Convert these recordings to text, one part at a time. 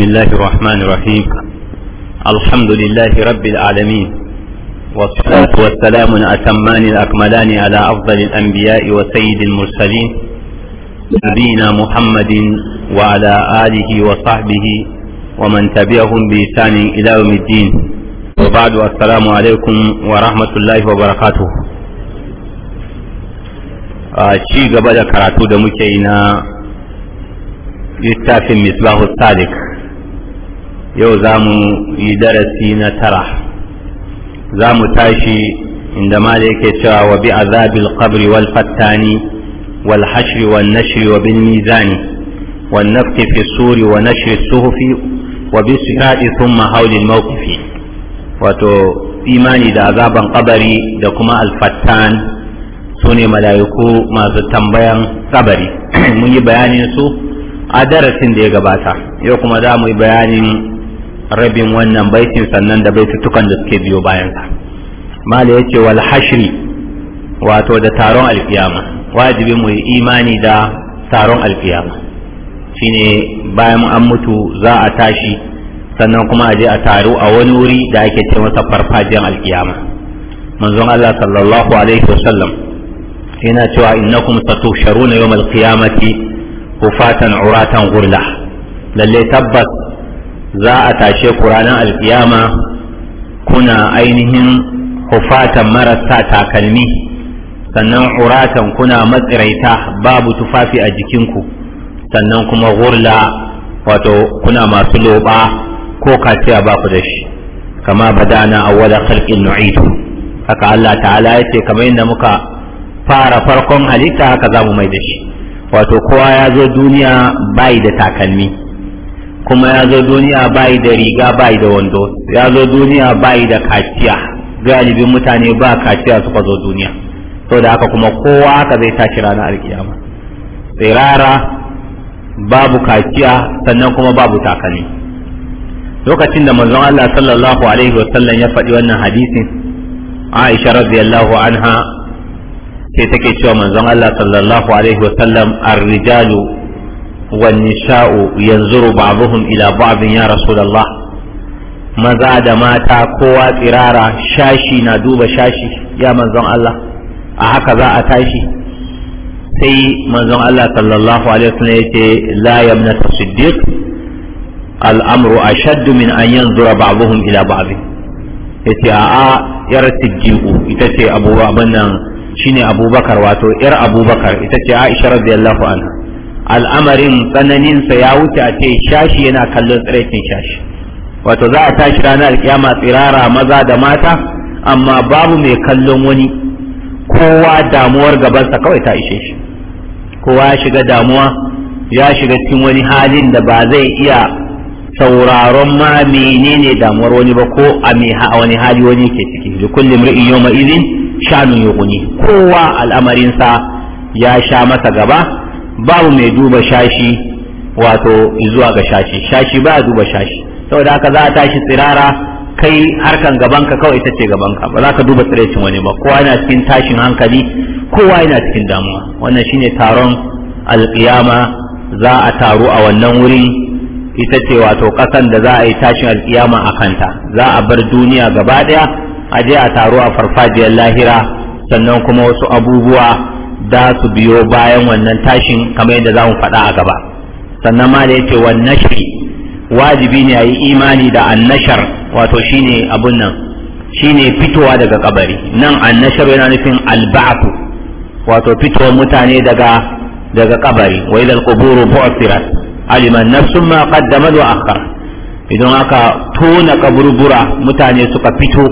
بسم الله الرحمن الرحيم الحمد لله رب العالمين والصلاة والسلام الأتمان الأكملان على أفضل الأنبياء وسيد المرسلين نبينا محمد وعلى آله وصحبه ومن تبعهم بإحسان إلى يوم الدين وبعد السلام عليكم ورحمة الله وبركاته ci gaba da karatu da muke yi na littafin misbahu sadiq yau za mu yi darasi na tara za mu tashi inda ma da yake cewa wa bi azabil qabri wal fattani wal hashri wan nashri wa bil mizani wan nafki fi suri wa nashri suhufi wa bi sirati thumma hawlil mawqifi wato imani da azaban kabari da kuma alfattan su ne mala'iku masu tambayan kabari mun yi bayanin su a darasin da ya gabata yau kuma za mu yi bayanin rabin wannan baitin sannan da baitutukan da suke biyo bayansa mala ya ce wal hashri wato da taron alkiyama wajibi mu yi imani da taron alkiyama shine bayan an mutu za a tashi sannan kuma a je a taru a wani wuri da ake ce masa farfajiyar alkiyama manzon Allah sallallahu alaihi wasallam yana cewa innakum satusharuna yawmal qiyamati hufatan uratan ghurla lalle tabbas za a tashe ku ranar alkiyama kuna ainihin hufatan marasa takalmi sannan uratan kuna matsiraita babu tufafi a jikinku sannan kuma gurla wato kuna masu loba ko kaciya ba ku da shi kama badana wadda khalqin nu'idu haka Allah ta'ala ya ce kamar yadda muka fara farkon halitta haka za mu mai da shi wato kowa ya zo duniya bai da takalmi kuma ya zo duniya bayi da riga bayi da wando ya zo duniya bayi da kaciya galibin mutane ba kaciya suka zo duniya da haka kuma kowa haka zai tashi ranar alkiyama tsirara babu kaciya sannan kuma babu takalmi lokacin da manzon Allah sallallahu alaihi wasallam ya faɗi wannan hadisin Aisha radiyallahu anha sai take cewa manzon Allah sallallahu alaihi wasallam ar-rijalu والنساء ينظر بعضهم إلى بعض يا رسول الله maza da mata kowa tsirara shashi na duba shashi ya manzon Allah a haka za a tashi sai manzon Allah sallallahu alaihi wasallam yace la yamna tasiddiq al'amru ashaddu min an yanzura ba'dhum ila ba'd yace a a yar siddiqu ita ce abubakar abin nan shine abubakar wato yar abubakar ita ce aisha radiyallahu anha al'amarin tsananinsa ya wuce a ce shashi yana kallon tsiraicin shashi wato za a tashi ranar alkiyama tsirara maza da mata amma babu mai kallon wani kowa damuwar gabansa kawai ta ishe shi kowa ya shiga damuwa ya shiga cikin wani halin da ba zai iya sauraron ma menene damuwar wani ba ko a wani hali wani ke ciki da kullum ri'in yau ma'izin shanun yuguni kowa al'amarinsa ya sha masa gaba babu mai duba shashi wato zuwa ga shashi shashi ba duba shashi saboda haka za a tashi tsirara kai harkan gabanka kawai ita ce gabanka ba za ka duba tsiraicin wani ba kowa yana cikin tashin hankali kowa yana cikin damuwa wannan shine taron alkiyama za a taru a wannan wuri ita ce wato ƙasan da za a yi tashin alkiyama a kanta za a bar duniya gaba daya a je a taru a farfajiyar lahira sannan kuma wasu abubuwa za su biyo bayan wannan tashin kamar yadda za mu faɗa a gaba sannan ma da ya ce wannan wajibi ne a yi imani da annashar wato shine abun nan shine fitowa daga kabari nan annashar yana nufin alba'atu wato fitowar mutane daga daga kabari wa idal quburu bu'thirat alima nafsun ma qaddamat wa akhar idan aka tona kaburbura mutane suka fito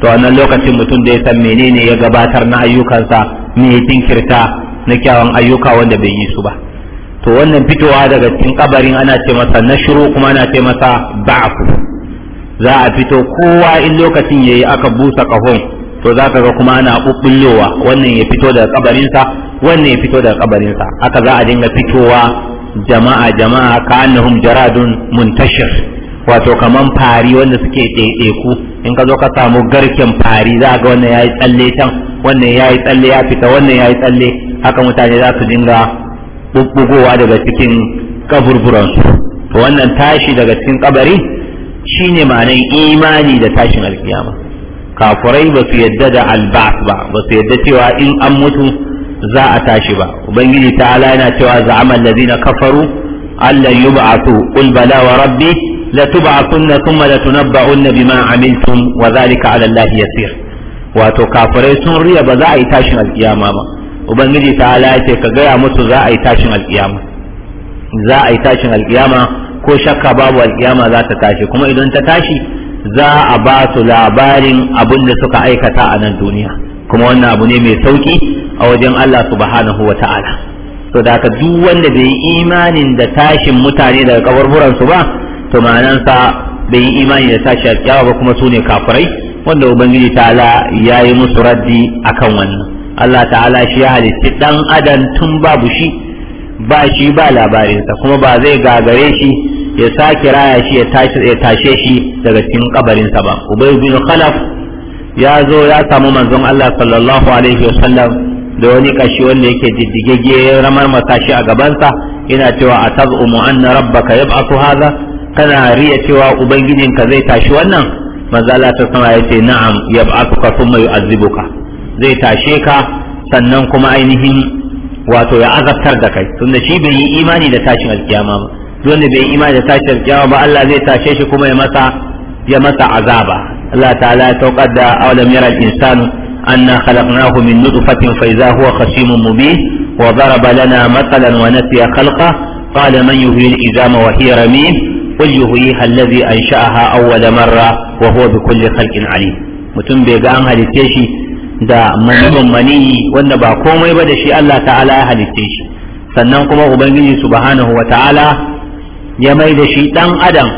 to a lokacin mutum da ya san menene ya gabatar na ayyukansa ne ya tinkirta na kyawun ayyuka wanda bai yi su ba to wannan fitowa daga cikin kabarin ana ce masa na shiru kuma ana ce masa ba'afu za a fito kowa in lokacin yayi aka busa kahon to za ka ga kuma ana bubbullowa wannan ya fito daga kabarinsa wannan ya fito daga kabarinsa aka za a dinga fitowa jama'a jama'a ka annahum jaradun muntashir wato kaman fari wanda suke ku in ka zo ka samu garken fari za ga wannan yayi tsalle can wannan yi tsalle ya fita wannan yi tsalle haka mutane za su dinga bubbugowa daga cikin kaburburansu to wannan tashi daga cikin kabari shine ma'anar imani da tashin alkiyama kafurai ba su yadda da alba'as ba ba su yadda cewa in an mutu za a tashi ba ubangiji ta'ala yana cewa za'ama allazina kafaru allan yi qul bala wa rabbi la tub'athunna thumma la tunabba'unna bima amiltum wa zalika 'ala ya yasir wato kafirai sun riya ba za a yi tashin alkiyama ba ubangiji ta ala ce ka gaya musu za a yi tashin alkiyama za a yi tashin alkiyama ko shakka babu alkiyama za ta tashi kuma idan ta tashi za a ba su labarin abin da suka aikata a nan duniya kuma wannan abu ne mai sauki a wajen Allah subhanahu wa ta'ala to da duk wanda bai yi imanin da tashin mutane daga kaburburansu ba to ma'anansa bai yi imani da tashi alkiyama ba kuma su ne kafirai wanda ubangiji ta'ala ya yi musu raddi akan wannan Allah ta'ala shi ya halitti dan adam tun babu shi ba shi ba labarinsa kuma ba zai gagare shi ya sake raya shi ya tashe shi daga cikin kabarinsa ba ubay bin khalaf ya zo ya samu manzon Allah sallallahu alaihi wasallam da wani kashi wanda yake diddigegge ya ramar masa shi a gabansa ina cewa atazumu anna rabbaka yab'athu hadha kana riya cewa ubangijinka zai tashi wannan maza manzala ta sama ya ce na'am ya ba'atuka thumma yu'azzibuka zai tashe ka sannan kuma ainihin wato ya azabtar da kai tunda shi bai yi imani da tashin alkiyama ba dole bai yi imani da tashin alkiyama ba Allah zai tashe shi kuma ya masa ya masa azaba Allah ta'ala ya saukar da awalam yara al-insanu anna khalaqnahu min nutfatin fa idza huwa khasimun mubin wa daraba lana mathalan wa nasiya khalqa qala man yuhyi al-izama wa hiya ramim qul yuhyiha allazi ansha'aha awwala marra wa huwa bikulli khalqin alim mutum bai ga an halitte shi da maniyin maniyi wanda ba komai ba da shi Allah ta'ala ya halitte shi sannan kuma ubangiji subhanahu wa ta'ala ya mai da shi dan adam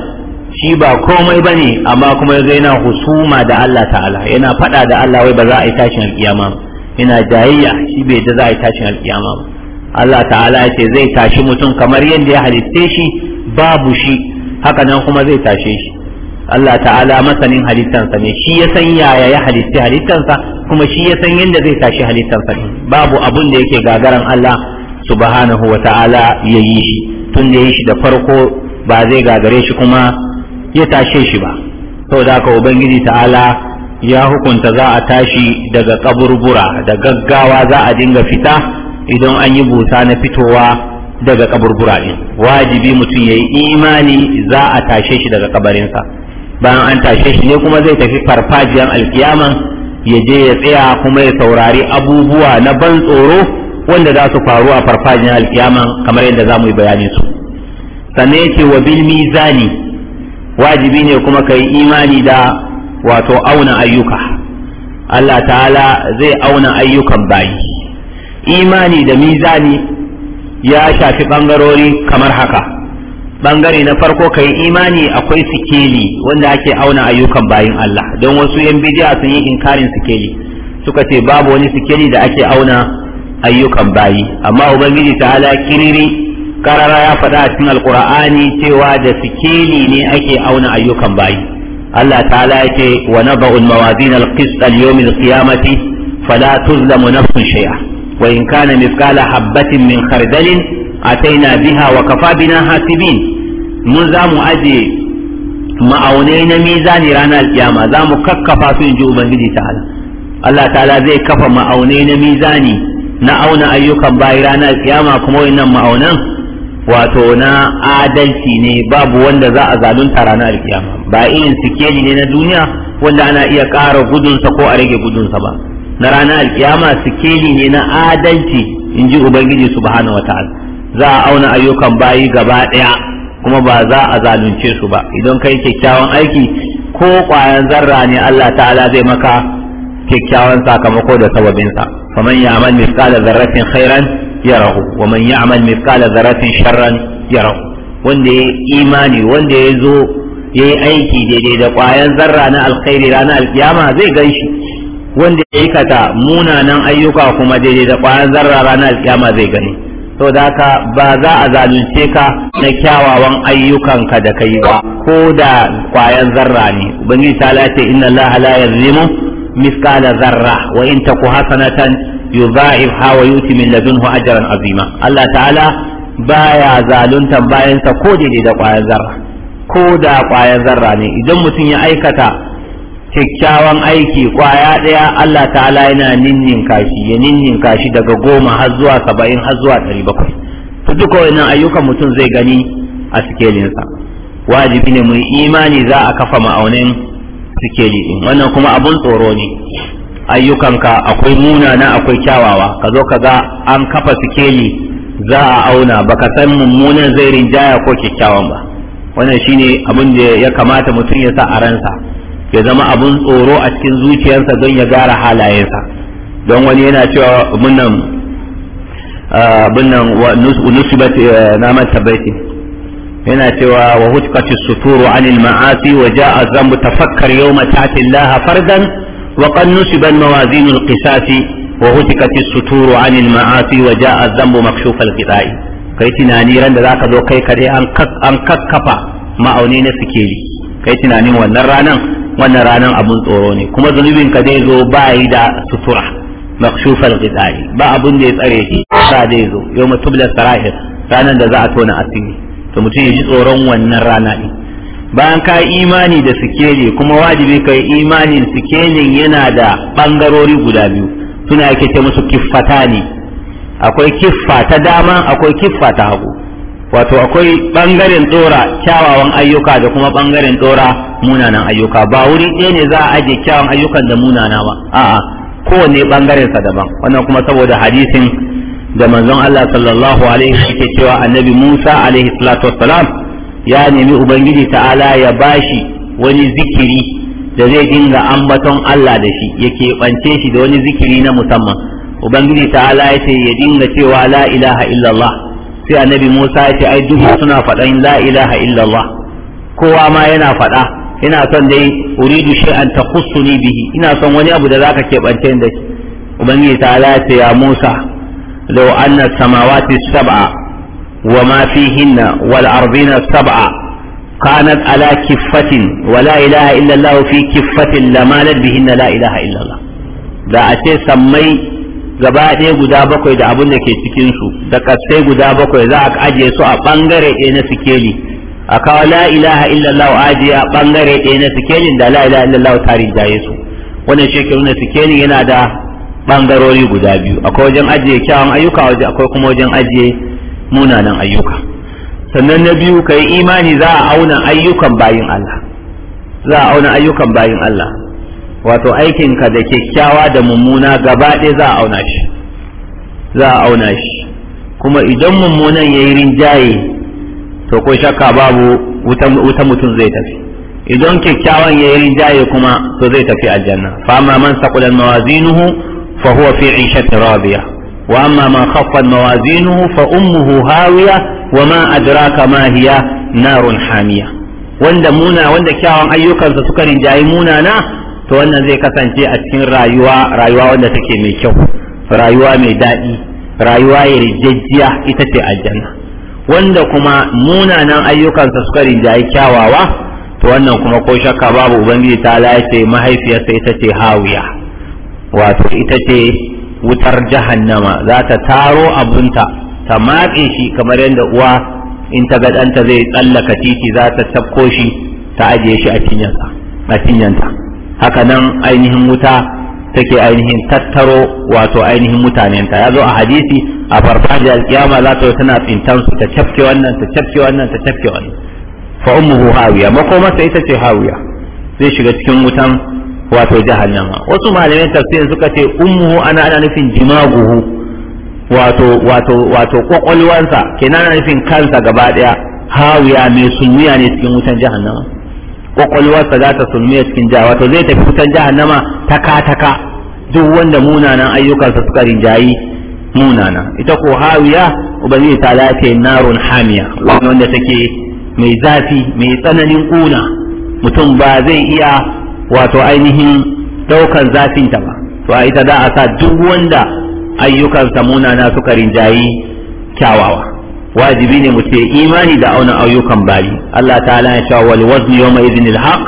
shi ba komai ba ne amma kuma ya yana husuma da Allah ta'ala yana faɗa da Allah wai ba za a yi tashin alkiyama yana jayayya shi bai da za a yi tashin alkiyama Allah ta'ala ya ce zai tashi mutum kamar yadda ya halitte shi babu shi haka nan kuma zai tashe shi Allah ta'ala masanin halittansa ne shi ya san yaya ya halitti halittansa kuma shi ya san yadda zai tashi halittansa ne babu abun da yake gagaran Allah subhanahu wa ta'ala ya yi shi tun da ya yi shi da farko ba zai gagare shi kuma ya tashe shi ba saboda haka ubangiji ta'ala ya hukunta za a tashi daga kaburbura da gaggawa za a dinga fita idan an yi busa na fitowa daga kaburbura din wajibi mutum yayi imani za a tashe shi daga kabarinsa bayan an tashe shi ne kuma zai tafi farfajiyan alkiyama ya je ya tsaya kuma ya saurari abubuwa na ban tsoro wanda za su faru a farfajiyan alkiyama kamar yadda za mu yi bayani su sannan ce wa bil mizani wajibi ne kuma kai imani da wato auna ayyuka Allah ta'ala zai auna ayyukan bayi imani da mizani ya shafi bangarori kamar haka bangare na farko kai imani akwai sikeli wanda ake auna ayyukan bayin Allah don wasu yan bidiya sun yi inkarin sikeli suka ce babu wani sikeli da ake auna ayyukan bayi amma ubangiji ala kiriri karara ya faɗa a cikin alqur'ani cewa da sikeli ne ake auna ayyukan bayi Allah ta'ala yake wa naba'ul mawazin al-qist al-yawm al-qiyamati fala tuzlamu nafsun shay'a wa in kana mithqala habatin min khardalin ataina biha wa kafa bina hasibin mun za mu ma'aunai na mizani ranar alkiyama za mu kakkafa su in ji ubangiji Allah ta'ala zai kafa ma'aunai na mizani na auna ayyukan baya ranar iyama kuma wannan ma'aunan wato na adalci ne babu wanda za zalunta ranar alkiyama ba irin sikeli ne na duniya wanda ana iya ƙara gudunsa ko a rage gudunsa ba na ranar alkiyama sikeli ne na adalci in ji ubangiji bahana wata za a auna ayyukan bayi gaba ɗaya kuma ba za a zalunce su ba idan kai kyakkyawan aiki ko ƙwayan zarra ne Allah ta'ala zai maka kyakkyawan sakamako da sababinsa faman ya'mal mithqala dharratin khairan yarahu wa man ya'mal mithqala dharratin sharran yarahu wanda ya imani wanda ya zo ya yi aiki daidai da ƙwayan zarra na alkhairi ranar alkiyama zai gan shi wanda ya aikata munanan ayyuka kuma daidai da ƙwayar zarra ranar alƙiyama zai gani to da haka ba za a zalunce ka na kyawawan ayyukanka da kai ba ko da kwayan zarra ne ubangiji ta ce inna allaha la yazlimu mithqala zarra wa in taku hasanatan yudha'ibha wa yuti min ladunhu ajran azima Allah ta'ala baya bayan sa ko daidai da kwayan zarra ko da kwayan zarra ne idan mutum ya aikata kyakkyawan aiki kwaya ɗaya Allah ta'ala yana ninnin kashi ya ninnin kashi daga goma har zuwa saba'in har zuwa ɗari bakwai to duka wannan ayyukan mutum zai gani a sikelinsa wajibi ne mu imani za a kafa ma'aunin sikeli ɗin wannan kuma abun tsoro ne ayyukanka akwai munana akwai kyawawa ka zo ka ga an kafa sikeli za a auna baka san mummunan zai rinjaya ko kyakkyawan ba wannan shine abin da ya kamata mutum ya sa a ransa ya zama abun tsoro a cikin zuciyarsa don ya gara halayensa don wani yana cewa munnan bunnan nusibat eh, naman tabbaiti yana cewa wa hutqati suturu anil ma'asi wa ja'a zambu tafakkar yau ta'ti Allah fardan wa qad nusibat mawazinul qisasi wa hutqati suturu anil ma'asi wa ja'a zambu makshufal qita'i kai tunani ran da ka zo kai kare an kakkafa ma'auni na sikeli kai tunanin wannan ranan wannan ranar abun tsoro ne kuma zunubin ka zai zo ba yi da sutura makshufal ghidai ba abun da ya tsare shi sa zai zo yau mutubla sarahir ranar da za a tona asiri to mutum ya ji tsoron wannan rana din bayan ka imani da sikeli kuma wajibi ka yi imanin sikelin yana da bangarori guda biyu suna yake ce musu kiffata ne, akwai kiffa ta dama akwai kiffa ta hagu wato akwai ɓangaren dora kyawawan ayyuka da kuma bangaren ɗora munanan ayyuka ba wuri ɗaya ne za a ajiye kyawawan ayyukan da munana ba a'a kowanne bangaren sa daban wannan kuma saboda hadisin da manzon Allah sallallahu alaihi yake cewa annabi Musa alaihi salatu wassalam ya nemi ubangiji ta'ala ya bashi wani zikiri da zai dinga ambaton Allah da shi yake bance shi da wani zikiri na musamman ubangiji ta'ala ya ce ya dinga cewa la ilaha illallah sai annabi Musa ya ce ai duk suna faɗan la ilaha illallah kowa ma yana faɗa ina son dai uridu shay'an takhussuni bihi ina son wani abu da zaka keɓance da shi ubangiji ta ala ce ya Musa law anna samawati sab'a wa ma fihinna wal ardina sab'a kanat ala kiffatin wa la ilaha illallah fi kiffatin lamalat bihinna la ilaha illallah da a ce sammai gaba ɗaya guda bakwai da abin da ke cikinsu da kasai guda bakwai za a ajiye su a ɓangare ɗaya na sikeli a kawo la ilaha illallah ajiye a ɓangare ɗaya na sikeli da la ilaha illallah ta rinjaye su wannan shekaru na sikeli yana da ɓangarori guda biyu akwai wajen ajiye kyawun ayyuka akwai kuma wajen ajiye munanan ayyuka sannan na biyu ka yi imani za a auna ayyukan bayin Allah za a auna ayyukan bayin Allah wato aikinka da kyakkyawa da mummuna gaba ɗaya za a auna shi za a auna shi kuma idan mummunan ya yi rinjaye to ko shakka babu wuta mutum zai tafi idan kyakkyawan ya yi rinjaye kuma to zai tafi aljanna fa amma man saqulan mawazinuhu fa huwa fi 'ishatin radiya wa amma man khaffat mawazinuhu fa ummuhu hawiya wa ma adraka ma hiya narun hamiya wanda muna wanda kyawun ayyukansa suka rinjayi munana to wannan zai kasance a cikin rayuwa rayuwa wanda take mai kyau rayuwa mai daɗi rayuwa yarjejjiya ita ce aljanna wanda kuma munanan ayyukansa suka rinjaye kyawawa to wannan kuma ko shakka babu ubangiji ta ce mahaifiyarsa ita ce hawiya wato ita ce wutar jahannama za ta taro abunta ta matse shi kamar yadda uwa in ta ga danta zai tsallaka titi za ta tafko shi ta ajiye shi a cinyanta haka nan ainihin wuta take ainihin tattaro wato ainihin mutanenta ya zo a hadisi a farfajiyar kiyama za ta tana tsintan su ta cafke wannan ta cafke wannan ta cafke wannan fa ummuhu hawiya makomarsa ita ce hawiya zai shiga cikin wutan wato jahannama wasu malamin tafsirin suka ce ummuhu ana ana nufin jimaguhu wato wato wato kokolwansa kenan ana nufin kansa gaba daya hawiya mai sunniya ne cikin wutan jahannama kwakwalwarsa za ta sulmi a cikin jaha wato zai tafi kusan jahannama taka taka duk wanda munanan ayyukansa suka rinjayi munana ita ko hawiya ubangiji ta lafe narun hamiya wanda take mai zafi mai tsananin kuna mutum ba zai iya wato ainihin daukan zafinta ba to a ita za a sa duk wanda ayyukansa munana suka rinjayi kyawawa wajibi ne mu ce imani da auna ayyukan bayi Allah ta'ala ya cewa wal wazn yawma idhin al haqq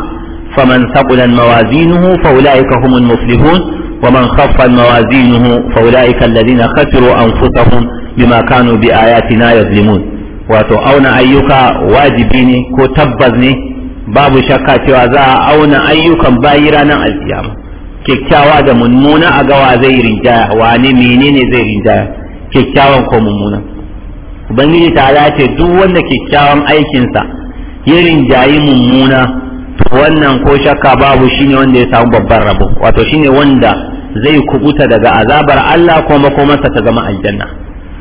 faman thaqulan mawazinuhu fa ulaika humul muflihun wa man khaffat mawazinuhu fa ulaika alladhina khasiru anfusahum bima kanu bi ayatina yazlimun wato auna ayyuka wajibi ne ko tabbas ne babu shakka cewa za a auna ayyukan bayi ranar alkiyama kyakkyawa da mummuna a gawa zai rinjaya wane menene zai rinjaya kyakkyawan ko mummuna ubangiji ta ce duk wanda kyakkyawan aikinsa ya rinjayi mummuna wannan ko shakka babu shine wanda ya samu babban rabo wato shine wanda zai kubuta daga azabar Allah ko makomarsa ta zama aljanna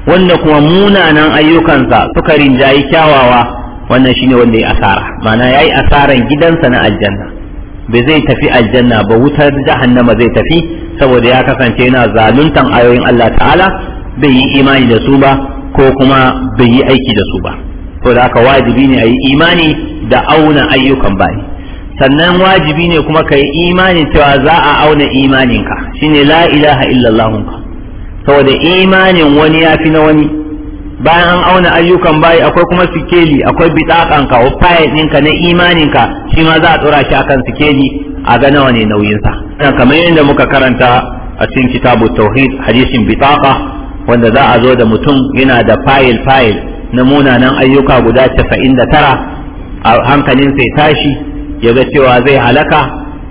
wanda kuma munanan ayyukansa suka rinjayi kyawawa wannan shine wanda ya asara ma'ana yayi asaran gidansa na aljanna bai zai tafi aljanna ba wutar jahannama zai tafi saboda ya kasance yana zaluntan ayoyin Allah ta'ala bai yi imani da su ba ko kuma bai yi aiki da su ba to da aka wajibi ne a yi imani da auna ayyukan bayi sannan wajibi ne kuma ka yi imani cewa za a auna imaninka shine la ilaha illallahunka saboda imanin wani ya fi na wani bayan an auna ayyukan bai akwai kuma sikeli akwai bitakanka ko ɗinka na imaninka shi ma za a tsora shi akan sikeli a ga nawa ne nauyinsa kamar yadda muka karanta a cikin kitabu tauhid hadisin bitaka wanda za a zo da mutum yana da fayil fayil na munanan ayyuka guda casa'in da tara a hankalin sai tashi ya ga cewa zai halaka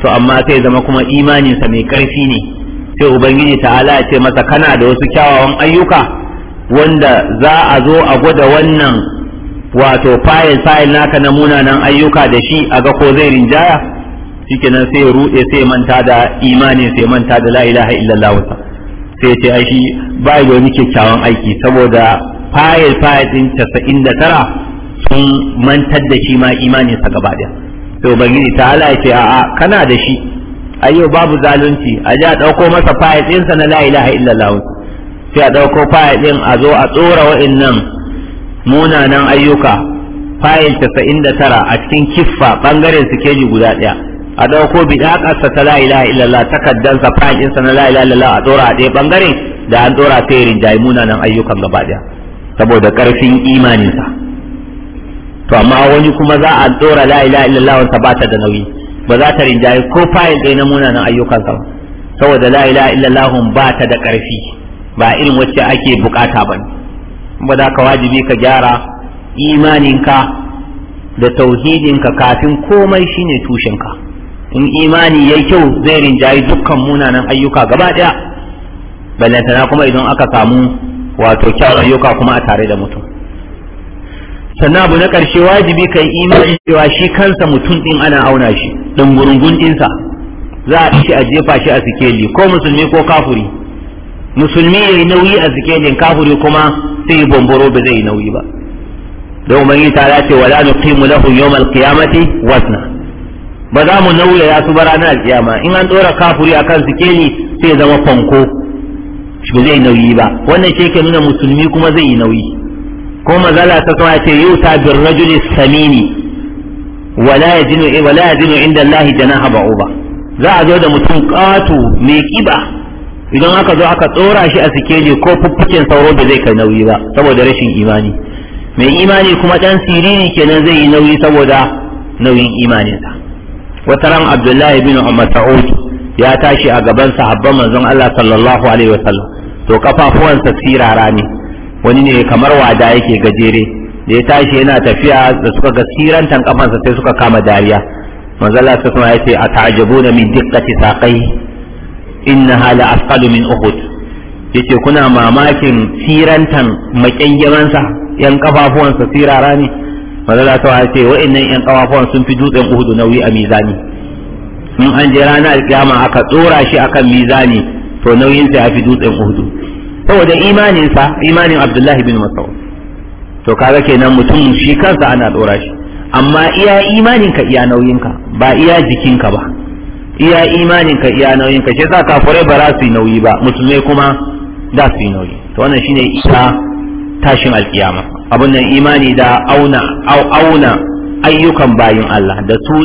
to amma sai zama kuma imaninsa mai karfi ne sai ubangiji ta'ala ya ce masa kana da wasu kyawawan ayyuka wanda za a zo a gwada wannan wato fayil fayil naka na munanan ayyuka da shi a ga ko zai rinjaya shikenan sai ya ruɗe sai manta da imanin sai manta da la ilaha illallah sai ce shi ba da wani kyakkyawan aiki saboda fayil fayil din tara sun mantar da shi ma imanin sa gaba daya to ta ala ya ce a'a kana da shi ayyo babu zalunci a ji a ɗauko masa fayil din sa na la ilaha illallah sai a ɗauko fayil ɗin a zo a tsora wa'annan munanan ayyuka fayil da tara a cikin kiffa bangaren su keji guda ɗaya. a dauko bidakarsa ta la ilaha illallah takaddansa fa'insa na la ilaha illallah a dora a ɗaya bangaren da an dora ta yi rinjaye munanan ayyukan gaba daya saboda karfin imaninsa to amma wani kuma za a dora la ilaha illallah wanda ba ta da nauyi ba za ta rinjaye ko fa'in ɗaya na munanan ayyukansa ba saboda la ilaha illallah ba ta da karfi ba irin wacce ake bukata ba ne ba za ka wajibi ka gyara imaninka da tauhidinka kafin komai shine tushenka in imani ya yi kyau zai rinjayi dukkan munanan ayyuka gaba daya ballantana kuma idan aka samu wato kyawun ayyuka kuma a tare da mutum sannan abu na karshe wajibi kai imani cewa shi kansa mutum din ana auna shi dungurungun dinsa za a shi a jefa shi a sikeli ko musulmi ko kafuri musulmi ya yi nauyi a sikelin kafuri kuma sai yi bomboro ba zai yi nauyi ba don umarni ta ce wala nuqimu lahu yawmal qiyamati wazna ba za mu ya su ba ranar kiyama in an dora kafuri akan sikeli sai zama fanko ba zai nauyi ba wannan shi ke nuna musulmi kuma zai yi nauyi ko mazala ta kawai ce yau ta bin rajuli samini wala yajinu wala inda Allah haba uba za a zo da mutum katu mai kiba idan aka zo aka tsora shi a sikeli ko fuffuken sauro da zai kai nauyi ba saboda rashin imani mai imani kuma dan siriri kenan zai yi nauyi saboda nauyin imaninsa wata ran abdullahi bin mas'ud ya tashi a gaban sahabban manzon Allah sallallahu alaihi wasallam to kafafuwansa sirara ne wani ne kamar wada yake gajere da ya tashi yana tafiya da suka ga sirantan kafansa sai suka kama dariya manzon Allah sallallahu alaihi wasallam ya ce ata'jabuna min diqqati saqai innaha la asqalu min uhud yace kuna mamakin sirantan makyangiransa yan kafafuwansa sirara ne za ta ce nan yan kawafon sun fi dutsen uhudu nauyi a mizani in an je rana alkiyama aka tsora shi akan mizani to nauyin sa ya fi dutsen uhudu saboda imanin sa imanin abdullahi bin mas'ud to kaga kenan mutum shi kansa ana tsora shi amma iya imaninka iya nauyinka ba iya jikinka ba iya imaninka iya nauyinka shi yasa kafurai ba za su yi nauyi ba musulmai kuma za su yi nauyi to wannan shine isa tashin alkiyama abin nan imani da auna auna ayyukan bayin Allah da su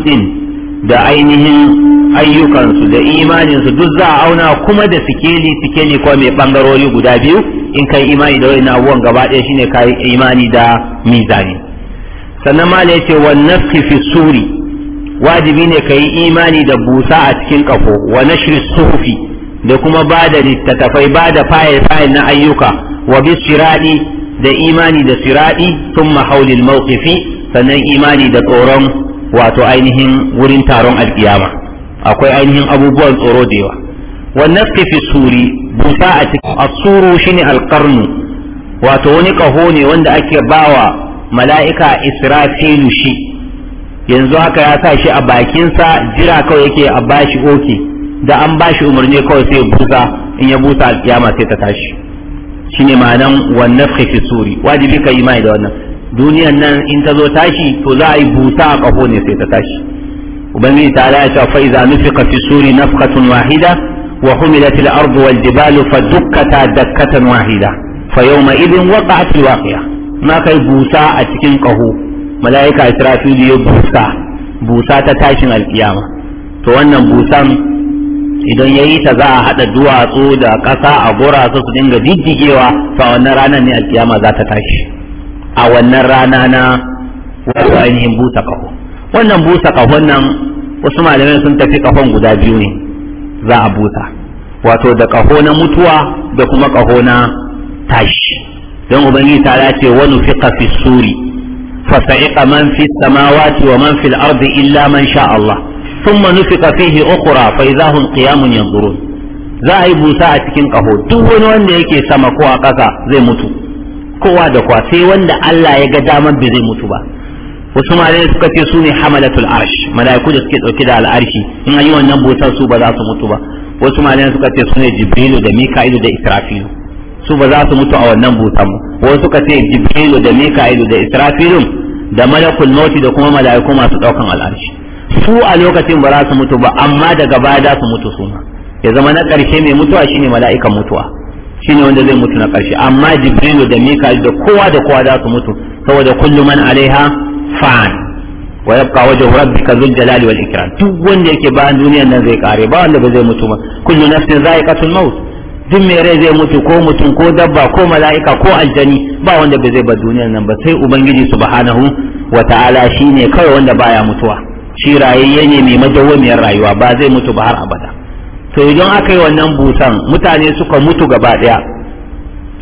da ainihin ayyukansu da imaninsu duk za a auna kuma da sikeli sikeli ko mai bangarori guda biyu in kai imani da wani abubuwan gaba ɗaya shine kai imani da mizani sannan ma ce wan nafsi fi suri wajibi ne kai imani da busa a cikin kafo wa nashri sufi da kuma ba da littattafai ba da fayil fayil na ayyuka wa bi da imani da siradi thumma haulil mawqifi sannan imani da tsoron wato ainihin wurin taron alkiyama akwai ainihin abubuwan tsoro da yawa wannan fi suri busa a cikin asuru shine alqarnu wato wani kaho ne wanda ake bawa mala'ika israfilu shi yanzu haka ya sa shi a bakinsa jira kawai yake a bashi oke da an bashi umarni kawai sai busa in ya busa alkiyama sai ta tashi shine ma'anan wannan fi suri wajibi ka mai da wannan duniyan nan in ta zo tashi to za a yi busa a kaho ne sai ta tashi ubangiji ta ala ya ce fa iza nufiqa fi suri nafqatun wahida wa humilat al ardu wal jibalu fa dukkata dakkatan wahida fa yawma idin waqa'at al waqi'a ma kai busa a cikin kaho malaika israfil ya busa busa ta tashin alkiyama to wannan busan idan ya yi ta za a haɗa duwatsu da ƙasa a gora su su dinga jijjigewa to a wannan ranar ne alkiyama za ta tashi a wannan rana na wato ainihin busa kaho wannan busa kahon nan wasu malamai sun tafi kahon guda biyu ne za a busa wato da kaho na mutuwa da kuma kaho na tashi don ubangiji ta ce wani fiqa fi suri fa man fi samawati wa man fil ardi illa man sha Allah thumma nufiqa fihi ukhra fa idza hum qiyamun yanzurun za a yi busa a cikin kaho duk wani wanda yake sama ko a ƙasa zai mutu kowa da kwa sai wanda Allah ya ga daman bi zai mutu ba wasu malai suka ce su ne hamalatul arsh mala'iku da suke dauke da al'arshi in yi wannan busar su ba za su mutu ba wasu malai suka ce su ne jibrilu da mika'ilu da israfilu su ba za su mutu a wannan busan wasu suka ce jibrilu da mika'ilu da israfilu da malakul mauti da kuma mala'iku masu daukan al'arshi su a lokacin ba za su mutu ba amma daga baya za su mutu su ya zama na ƙarshe mai mutuwa shine mala'ikan mutuwa shine wanda zai mutu na ƙarshe amma jibrilu da mika'il da kowa da kowa za su mutu saboda kullum man alaiha fa'an wa yabqa wajhu rabbika dhul jalali wal ikram duk wanda yake bayan duniyar nan zai kare ba wanda ba zai mutu ba kullu nafsin za'iqatul maut duk mai rai zai mutu ko mutum ko dabba ko mala'ika ko aljani ba wanda ba zai bar duniyar nan ba sai ubangiji subhanahu wa ta'ala shine kawai wanda baya mutuwa shi rayayye ne mai madawwamiyar rayuwa ba zai mutu ba har abada to idan aka yi wannan busan mutane suka mutu gaba daya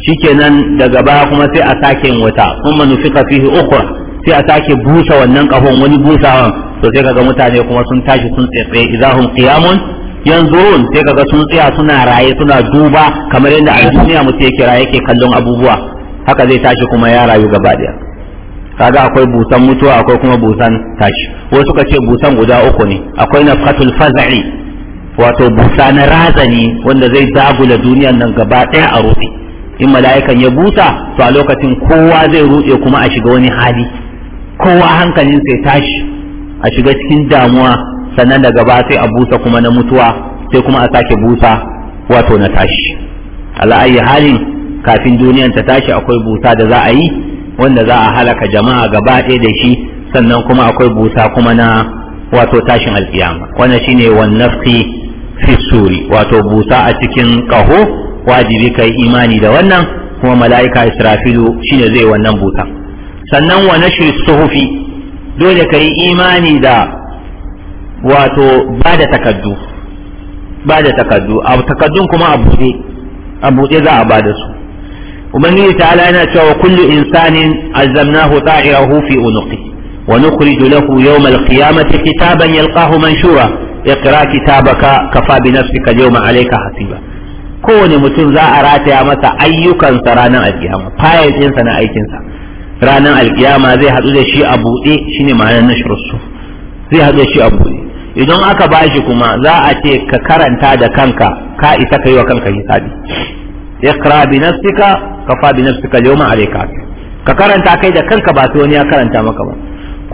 shikenan daga baya kuma sai a sake wata kuma nufika fihi ukhra sai a sake busa wannan kafon wani busawan to sai kaga mutane kuma sun tashi sun tsaye idahum qiyamun yanzurun sai kaga sun tsaya suna raye suna duba kamar yadda a duniya mutum yake raye yake kallon abubuwa haka zai tashi kuma ya rayu gaba daya kaga akwai busan mutuwa akwai kuma busan tashi ko suka ce busan guda uku ne akwai na fatul faza'i wato busa na razani wanda zai dagula duniyan nan gaba ɗaya a rufe in mala'ikan ya busa to a lokacin kowa zai ruɗe kuma a shiga wani hali kowa hankalin sai tashi a shiga cikin damuwa sannan daga ba sai a busa kuma na mutuwa sai kuma a sake busa wato na tashi ala'ayi halin kafin duniyan ta tashi akwai busa da za a yi wanda za a halaka jama'a gaba ɗaya da shi sannan kuma akwai busa kuma na wato tashin alkiyama wannan shine wan nafsi fi suri wato busa a cikin kaho wajibi kai imani da wannan kuma mala'ika israfilu shine zai wannan busa sannan wa nashri suhufi dole kai imani da wato ba da takaddu ba da takaddu a takaddun kuma a buɗe a buɗe za a ba da su ubangiji ta'ala yana cewa kullu insanin alzamnahu ta'irahu fi unuqi ونخرج له يوم القيامة كتابا يلقاه منشورا اقرأ كتابك كفى بنفسك اليوم عليك حسيبا kowane mutum za a rataya masa ayyukansa ranar alkiyama fayil ɗinsa na aikinsa ranar alkiyama zai haɗu da shi a buɗe shine ma'anar nashrussu zai haɗu da shi a idan aka bashi kuma za a ce ka karanta da kanka ka isa ka yi wa kanka hisabi iqra bi nafsika kafa bi nafsika al-yawma ka karanta kai da kanka ba sai wani ya karanta maka ba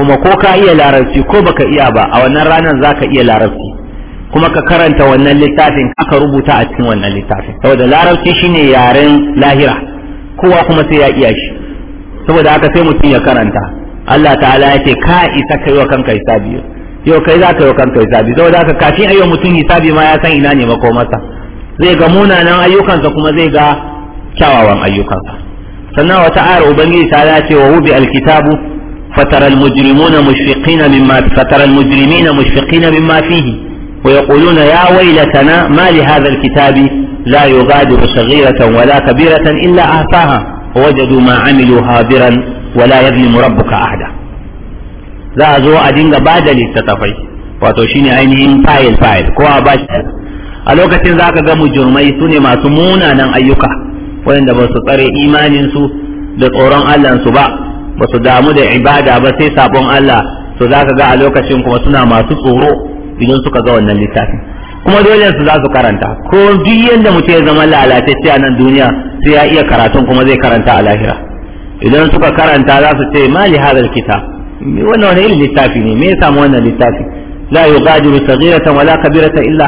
kuma ko ka iya larabci ko baka iya ba a wannan ranar zaka iya larabci kuma ka karanta wannan littafin aka rubuta a cikin wannan littafin saboda larabci shine yaren lahira kowa kuma sai ya iya shi saboda haka sai mutum ya karanta Allah ta'ala ya ce ka isa kai wa kanka hisabi yau kai za ka yi wa kanka hisabi saboda haka kafin ayyo mutum hisabi ma ya san ina ne makomarsa zai ga munanan ayyukansa kuma zai ga kyawawan ayyukansa sannan wata ayar ubangiji ta ce wa hubi alkitabu فترى المجرمون مشفقين مما فترى المجرمين مشفقين مما فيه ويقولون يا ويلتنا ما لهذا الكتاب لا يغادر صغيرة ولا كبيرة إلا أهفاها ووجدوا ما عملوا هابرا ولا يظلم ربك أحدا ذا زو أدين بعد للتطفي وتوشيني عينهم فايل فايل كوا باشر ألوكة ذاك غم جرمي سوني ما سمونا نان أيوكا وين دبوا سطري إيمان سو بقران الله سبا ba su damu da ibada ba sai sabon Allah to za ka ga a lokacin kuma suna masu tsoro idan suka ga wannan littafin kuma dole su za su karanta ko duk yadda mutum ya zama lalatacce a nan duniya sai ya iya karatun kuma zai karanta a lahira idan suka karanta za su ce mali hadal kitab wannan wani irin littafi ne me ya samu wannan littafi la yughadiru saghiratan wala kabiratan illa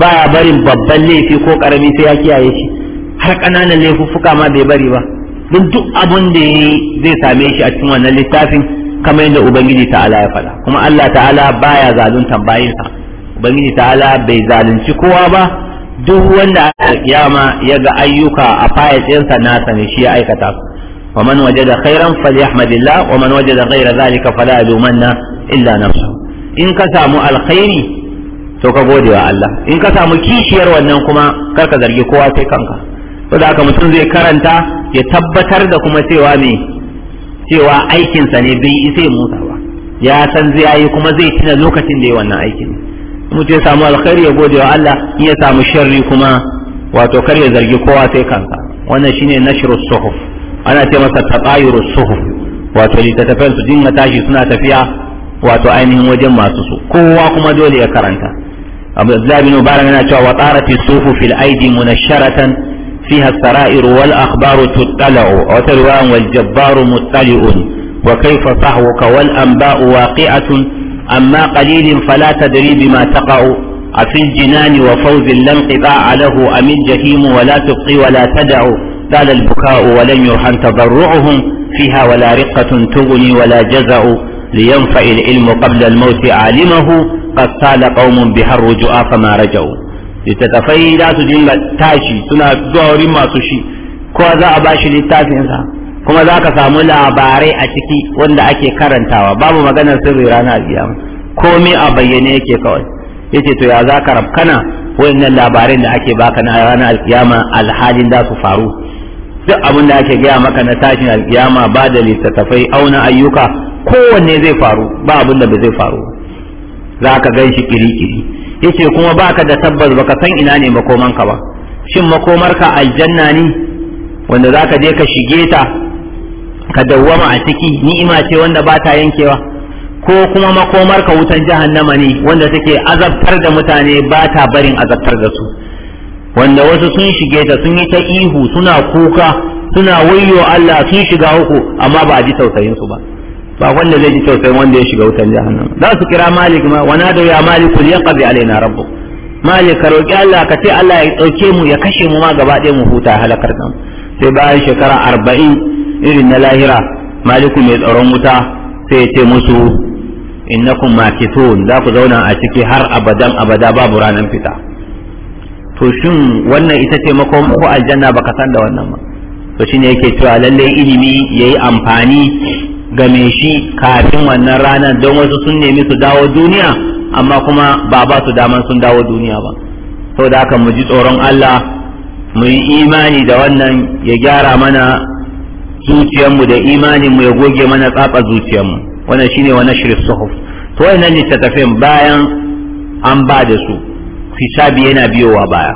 baya barin babban laifi ko karami sai ya kiyaye shi har kananan laifuffuka ma bai bari ba don duk abun da yayi zai same shi a cikin wannan littafin kamar yadda ubangiji ta'ala ya faɗa kuma Allah ta'ala baya zaluntan bayinsa ubangiji ta'ala bai zalunci kowa ba duk wanda a kiyama ya ga ayyuka a fayacinsa na ne shi ya aikata su ومن وجد خيرا فليحمد الله ومن وجد غير ذلك فلا يلومن إلا نفسه إن كسامو الخير to ka gode wa Allah in ka samu kishiyar wannan kuma kar ka zargi kowa sai kanka saboda haka mutum zai karanta ya tabbatar da kuma cewa me cewa aikinsa ne bai isa musa ba ya san zai yi kuma zai tuna lokacin da ya wannan aikin mutum ya samu alkhairi ya gode wa Allah in ya samu sharri kuma wato kar ya zargi kowa sai kansa wannan shine nashru suhuf ana ce masa taqayuru suhuf wato littattafan su dinga tashi suna tafiya wato ainihin wajen masu su kowa kuma dole ya karanta Abdullahi bin Mubarak yana cewa wa tsara fi suhufil aidi munasharatan فيها السرائر والأخبار تطلع وتروى والجبار مطلع وكيف صحوك والأنباء واقعة أما قليل فلا تدري بما تقع أفي الجنان وفوز لا انقطاع له أم الجحيم ولا تبقي ولا تدع زال البكاء ولن يرهن تضرعهم فيها ولا رقة تغني ولا جزع لينفع العلم قبل الموت عالمه قد سال قوم بها الرجوع فما رجعوا littattafai za su dinga tashi suna zuwa wurin masu shi ko za a bashi littafinsa kuma za ka samu labarai a ciki wanda ake karantawa babu maganar sirri rana biya komai a bayyane yake kawai yace to ya za ka rabkana wayannan labarin da ake baka na ranar alkiyama alhalin da su faru duk abin da ake gaya maka na tashin alkiyama ba da littattafai auna ayyuka kowanne zai faru ba abin da ba zai faru za ka gan shi kiri-kiri yace kuma baka da tabbas baka san ina ne makomanka ba shin makomarka aljanna ne wanda zaka je ka shige ta ka dawwama a ciki ni'ima ce wanda ba ta yankewa ko kuma makomarka wutan jahannama ne wanda take azabtar da mutane ba ta barin azabtar da su wanda wasu sun shige ta sun yi ta ihu suna kuka suna wayo Allah sun shiga uku amma ba a ji tausayin su ba ba wanda zai ji tausayin wanda ya shiga wutan jahannam za su kira malik ma wana da ya malik ya qabi alaina rabbu malik ka roki Allah ka ce Allah ya dauke mu ya kashe mu ma gaba ɗaya mu huta halakar kan sai bayan shekara arba'in irin na lahira maliku mai tsaron wuta sai ya ce musu innakum makithun za ku zauna a ciki har abadan abada babu ranar fita to shin wannan ita ce makon ko aljanna baka san da wannan ma to shine yake cewa lalle ilimi yayi amfani game shi kafin wannan rana don wasu sun nemi su dawo duniya amma kuma ba ba su daman sun dawo duniya ba sau da haka mu ji tsoron Allah mu yi imani da wannan ya gyara mana zuciyarmu da imaninmu ya goge mana tsatsa zuciyarmu wannan shine wa nashri suhuf to wannan littattafin bayan an ba da su hisabi yana biyowa baya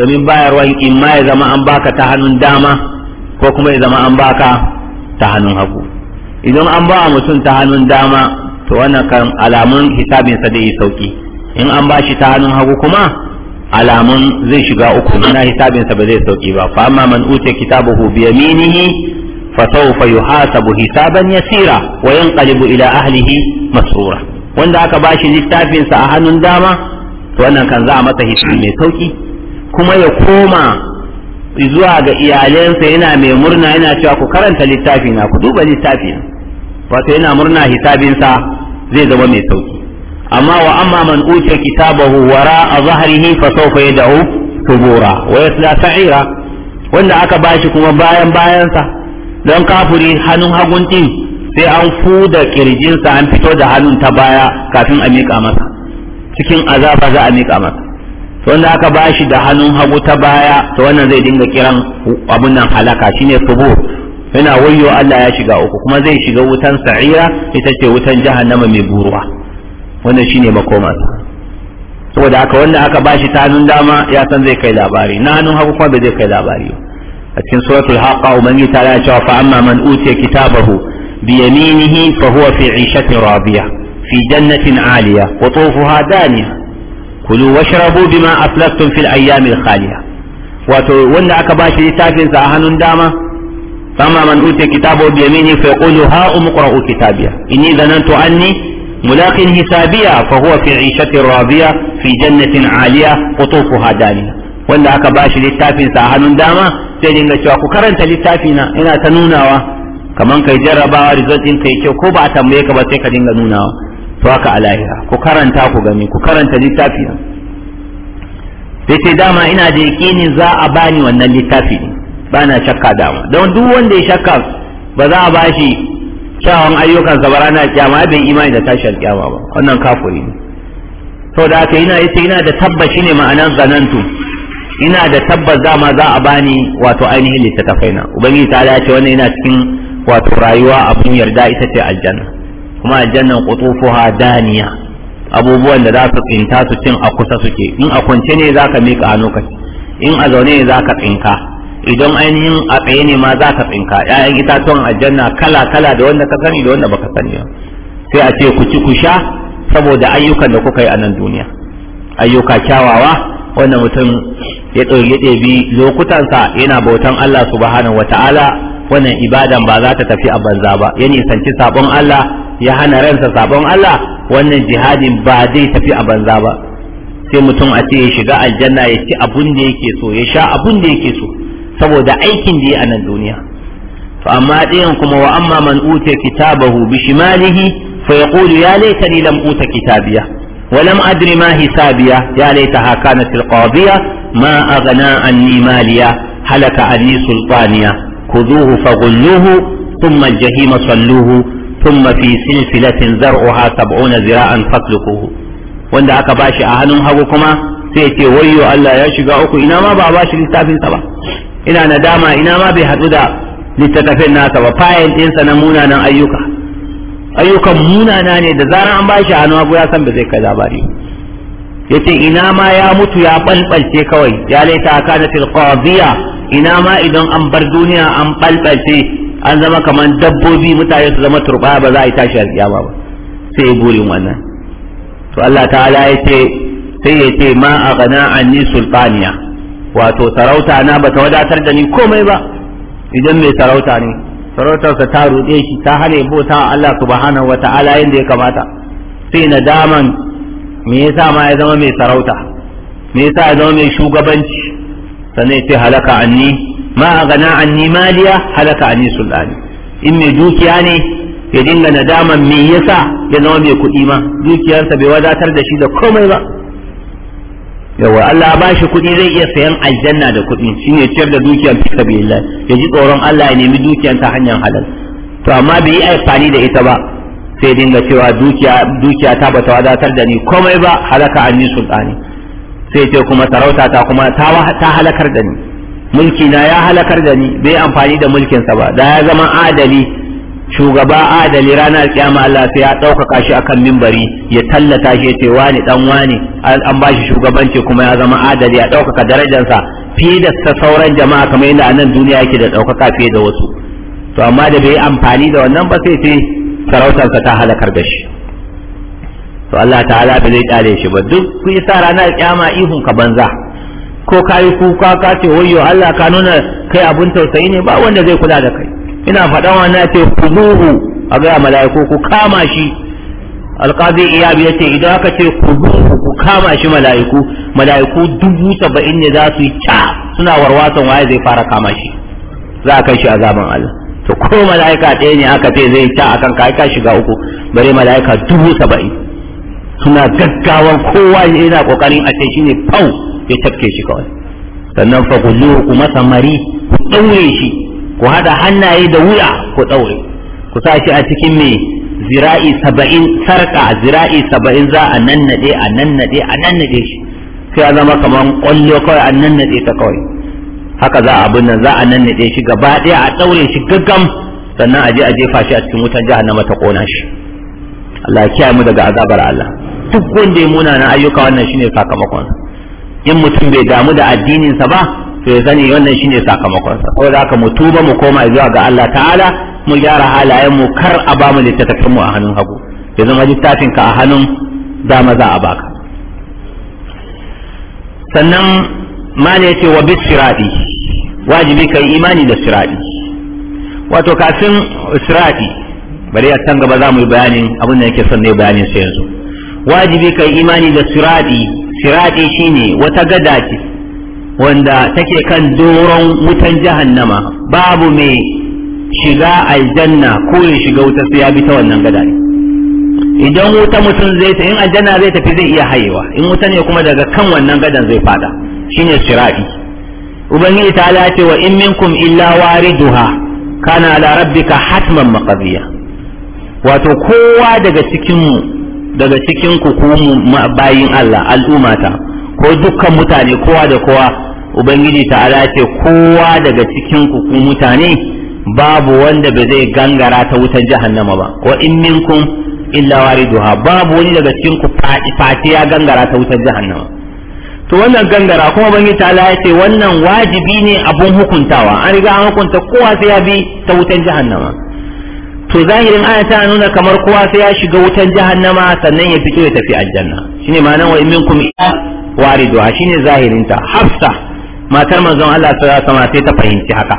domin bayar in ma ya zama an baka ta hannun dama ko kuma ya zama an baka ta hannun hagu idan an ba mutum ta hannun dama to wannan kan alamun hisabinsa zai yi sauki in an ba shi ta hannun hagu kuma alamun zai shiga uku na hisabinsa ba zai sauki ba fa amma man uce kitabahu bi yaminihi fa sawfa yuhasabu hisaban yasira wa yanqalibu ila ahlihi masrura wanda aka bashi littafin sa a hannun dama to wannan kan za a masa hisabi mai sauki kuma ya koma zuwa ga iyalansa yana mai murna yana cewa ku karanta littafina ku duba littafina wato yana murna hisabinsa zai zama mai sauki amma wa amma man uce kitabahu wara a zahrihi fa sawfa yadahu subura wa yasla sa'ira wanda aka bashi kuma bayan bayansa don kafuri hannun hagun din sai an fuda kirjinsa an fito da hannun ta baya kafin a miƙa masa cikin azaba za a miƙa masa to wanda aka bashi da hannun hagu ta baya to wannan zai dinga kiran abun nan halaka shine subur yana wayo Allah ya shiga uku kuma zai shiga wutan sa'ira ita ce wutan jahannama mai buruwa wannan shine makoma saboda wanda aka bashi tanun dama ya san zai kai labari na hannun hagu kuma zai kai labari a cikin suratul haqa ubangi ta ya cewa fa amma man utiya kitabahu bi yaminihi fa huwa fi 'ishatin rabiya fi jannatin 'aliya wa tufuha daniya kulu washrabu bima aflaftum fil ayyamil khaliya wato wanda aka bashi littafinsa a hannun dama فأما من أوتي كتابه بيمينه فيقول ها أم اقرأوا كتابيه إني ظننت أني ملاق حسابية فهو في عيشة راضية في جنة عالية قطوفها دانية wanda aka bashi littafin sa a hannun dama sai dinga cewa ku karanta littafina ina ta nunawa kaman kai jarrabawa result din kai kyau ko ba a tambaye ka ba sai ka dinga nunawa to haka alahira ku karanta ku gani ku karanta littafina sai ce dama ina da yakinin za a bani wannan littafi bana na shakka dama don duk wanda ya shakka ba za a bashi kyawun ayyukansa ba ranar kyama bai imani da tashar kyama ba wannan kafuri ne to da aka yana yace ina da tabbaci ne ma'anar zanantu ina da tabbas dama za a bani wato ainihin littattafai na ubangiji ta ce wannan yana cikin wato rayuwa abun yarda ita ce aljanna kuma aljannan qutufuha daniya abubuwan da za su tsinta su cin a kusa suke in a kwance ne za ka miƙa a lokaci in a zaune ne za ka tsinka idan ainihin a tsaye ne ma za ka tsinka 'ya'yan itatuwan aljanna kala kala da wanda ka sani da wanda baka sani ba sai a ce ku ci ku sha saboda ayyukan da kuka yi a nan duniya ayyuka kyawawa wanda mutum ya ɗauki ɗebi lokutansa yana bautan Allah subhanahu wata'ala wannan ibadan ba za ta tafi a banza ba ya nisanci sabon Allah ya hana ransa sabon Allah wannan jihadin ba zai tafi a banza ba sai mutum a ce ya shiga aljanna ya ci abun da yake so ya sha abun da yake so saboda aikin da ya a nan duniya to amma ɗayan kuma wa amma man uta kitabahu bi shimalihi fa yaqulu ya laitani lam uta kitabiya wa lam adri ma hisabiya ya laitaha kanat alqadiya ma aghna anni maliya halaka anni sultaniya khudhuhu faghulluhu ثم الجحيم صلوه ثم في سلسلة زرعها سبعون ذراعا فاسلكوه wanda aka bashi a hannun hagu kuma sai ce wayyo Allah ya shiga uku ina ma ba a bashi littafin sa ba ina nadama ina ma bai hadu da littattafin nasa ba fayil ɗinsa na munanan ayyuka ayyukan munana ne da zarar an bashi hannu abu ya san ba zai kai labari yace ina ma ya mutu ya balbalce kawai ya laita kana fil qadiya ina ma idan an bar duniya an balbalce an zama kaman dabbobi mutane su zama turba ba za a yi tashi alƙiyama ba sai burin wannan to Allah ta'ala yace sai yace ma an anni sultaniya wato sarauta na bata wadatar da ni komai ba idan mai sarauta ne sarautarsa ta ruɗe shi ta hane bota Allah subhanahu wata'ala yadda ya kamata sai na daman me yasa ma ya zama mai sarauta me yasa ya zama mai shugabanci sannan sai halaka anni ma agana anni maliya halaka anni sultani in mai dukiya ne ya dinga nadaman me yasa ya zama mai kuɗi ma dukiyarsa bai wadatar da shi da komai ba yawa Allah ba shi kuɗi zai iya sayan aljanna da kuɗi shine ciyar da dukiyar fi sabilillah ya ji tsoron Allah ya nemi dukiyar ta hanyar halal to amma bai yi amfani da ita ba sai dinga cewa dukiya dukiya ta bata wadatar da ni komai ba halaka an ni sultani sai ce kuma sarauta ta kuma ta halakar da ni mulki na ya halakar da ni bai amfani da mulkin sa ba da ya zama adali shugaba adali ranar kiyama Allah sai ya ɗaukaka shi akan mimbari ya tallata shi ce wani dan wani an ba shugabanci kuma ya zama adali ya ɗaukaka darajarsa fi da sauran jama'a kamar yadda a nan duniya yake da ɗaukaka fiye da wasu to amma da bai amfani da wannan ba sai sai sarautarsa ta halakar da shi to Allah ta'ala bai zai kyale shi ba duk ku sa ranar kiyama ihun ka banza ko kai kuka ka ce wayyo Allah ka nuna kai abun tausayi ne ba wanda zai kula da kai ina faɗa wa na ce kuzuhu a ga mala'iku ku kama shi alqazi iyabi yace idan aka ce kuzuhu ku kama shi mala'iku mala'iku dubu saba'in ne za su yi ca suna warwatan waye zai fara kama shi za a kai shi azaban Allah to ko mala'ika ɗaya ne aka ce zai ca akan kai ka shiga uku bare mala'ika dubu saba'in suna gaggawan kowa yana kokarin a ce shine fau ya tafke shi kawai sannan fa kuzuhu kuma samari ku ɗaure shi ku hada hannaye da wuya ku daure ku sa shi a cikin me zira'i saba'in sarka zira'i saba'in za a nannade a nannade a nannade shi sai ya zama kaman kwallo kawai a nannade ta kawai haka za a abin nan za a nannade shi gaba daya a daure shi gaggam sannan a je a jefa shi a cikin wutan jahannama ta kona shi Allah ya kiyaye mu daga azabar Allah duk wanda ya muna na ayyuka wannan shine sakamakon in mutum bai damu da addininsa ba to ya sani wannan shine sakamakonsa saboda haka mu tuba mu koma zuwa ga Allah ta'ala mu gyara halayen mu kar a ba mu littafin mu a hannun hagu ya zama littafin ka a hannun dama za a baka sannan ma ne yace wa bis sirati wajibi kai imani da sirati wato kafin sirati bari a san gaba za mu yi bayanin abin da yake son ne bayanin sai yanzu wajibi ka yi imani da sirati sirati shine wata gada ce wanda take kan doron wutan jahannama babu mai shiga aljanna ko ya shiga wuta sai ya bi ta wannan gada ne idan wuta mutum zai ta in aljanna zai tafi zai iya hayewa in wuta ne kuma daga kan wannan gadan zai fada shine sirafi ubangiji ta ala ce wa in minkum illa wariduha kana ala rabbika hatman maqdiya wato kowa daga cikin mu daga cikin ku bayin Allah al'umata ko dukkan mutane kowa da kowa ubangiji ala ce kowa daga cikin ku mutane babu wanda ba zai gangara ta wutar jahannama ba wa in minkum illa wariduha babu wani daga cikin ku fati ya gangara ta wutar jahannama to wannan gangara kuma bangi ta ala ce wannan wajibi ne abun hukuntawa an riga an hukunta kowa sai ya bi ta wutar jahannama to zahirin aya ta nuna kamar kowa sai ya shiga wutar jahannama sannan ya fito ya tafi aljanna shine ma'anar wa in minkum shi shine zahirinta hafsa matar manzon Allah sallallahu alaihi sai ta fahimci haka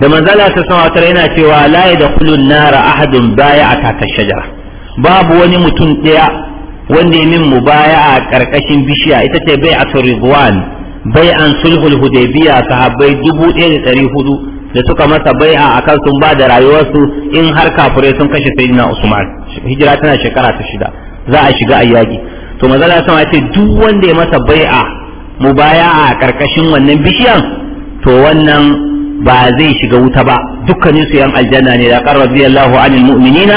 da manzala ta sama tara yana cewa la yadkhulun nara ahadun a ta shajara babu wani mutum ɗaya wanda baya a karkashin bishiya ita ce bai'atul ridwan bai'an sulhul hudaybiya sahabbai ɗaya da hudu da suka masa bai'a akan sun ba da rayuwarsu in har kafure sun kashe sayyidina Usman hijira tana shekara ta shida za a shiga a yaki. to manzala sama ce duk wanda ya masa bai'a mubaya'a a karkashin wannan bishiyan to wannan ba zai shiga wuta ba dukkanin su yan aljanna ne da qar radiyallahu anil mu'minina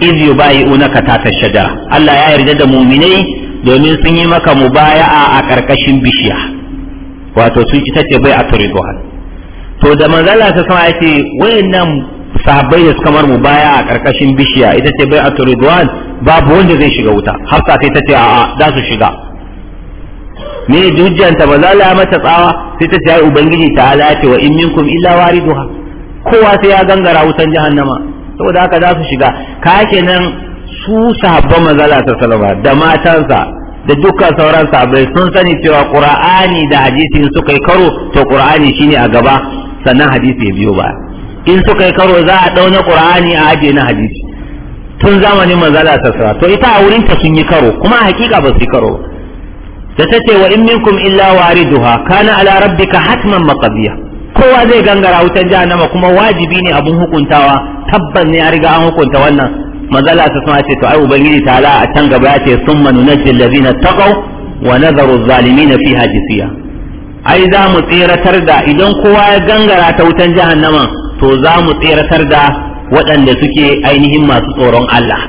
iz yubayi'unaka tahta shajara Allah ya yarda da mu'minai domin sun yi maka mubaya'a a karkashin bishiya wato sun ita ce bai a turidwan to da manzala ta sama ya ce wayannan sahabbai da suka mar mubaya'a a karkashin bishiya ita ce bai a turidwan. babu wanda zai shiga wuta hafsa sai ta ce a'a za su shiga me hujjanta ba za la mata tsawa sai ta ce ai ubangiji ta ala ce wa in minkum illa wariduha kowa sai ya gangara wutan jahannama saboda haka za su shiga ka kenan su sahabban mazala ta salama da matansa da dukkan sauran sahabbai sun sani cewa qur'ani da hadisi in kai karo to qur'ani shine a gaba sannan hadisi ya biyo ba in su kai karo za a dauna qur'ani a aje na hadisi tun zamanin manzala sassara to ita a wurin ta sun yi karo kuma a hakika ba su yi karo da ta ce wa in minkum illa wariduha kana ala rabbika hatman maqdiya kowa zai gangara wutan jahannama kuma wajibi ne abun hukuntawa tabban ne a riga an hukunta wannan manzala sassara ce to ai ubangiji ta'ala a can gaba ya ce sun nunajjil ladina taqaw wa nadharu zalimin fiha jisiya ai za mu tseratar da idan kowa ya gangara ta wutan jahannama to za mu tseratar da waɗanda suke ainihin masu tsoron Allah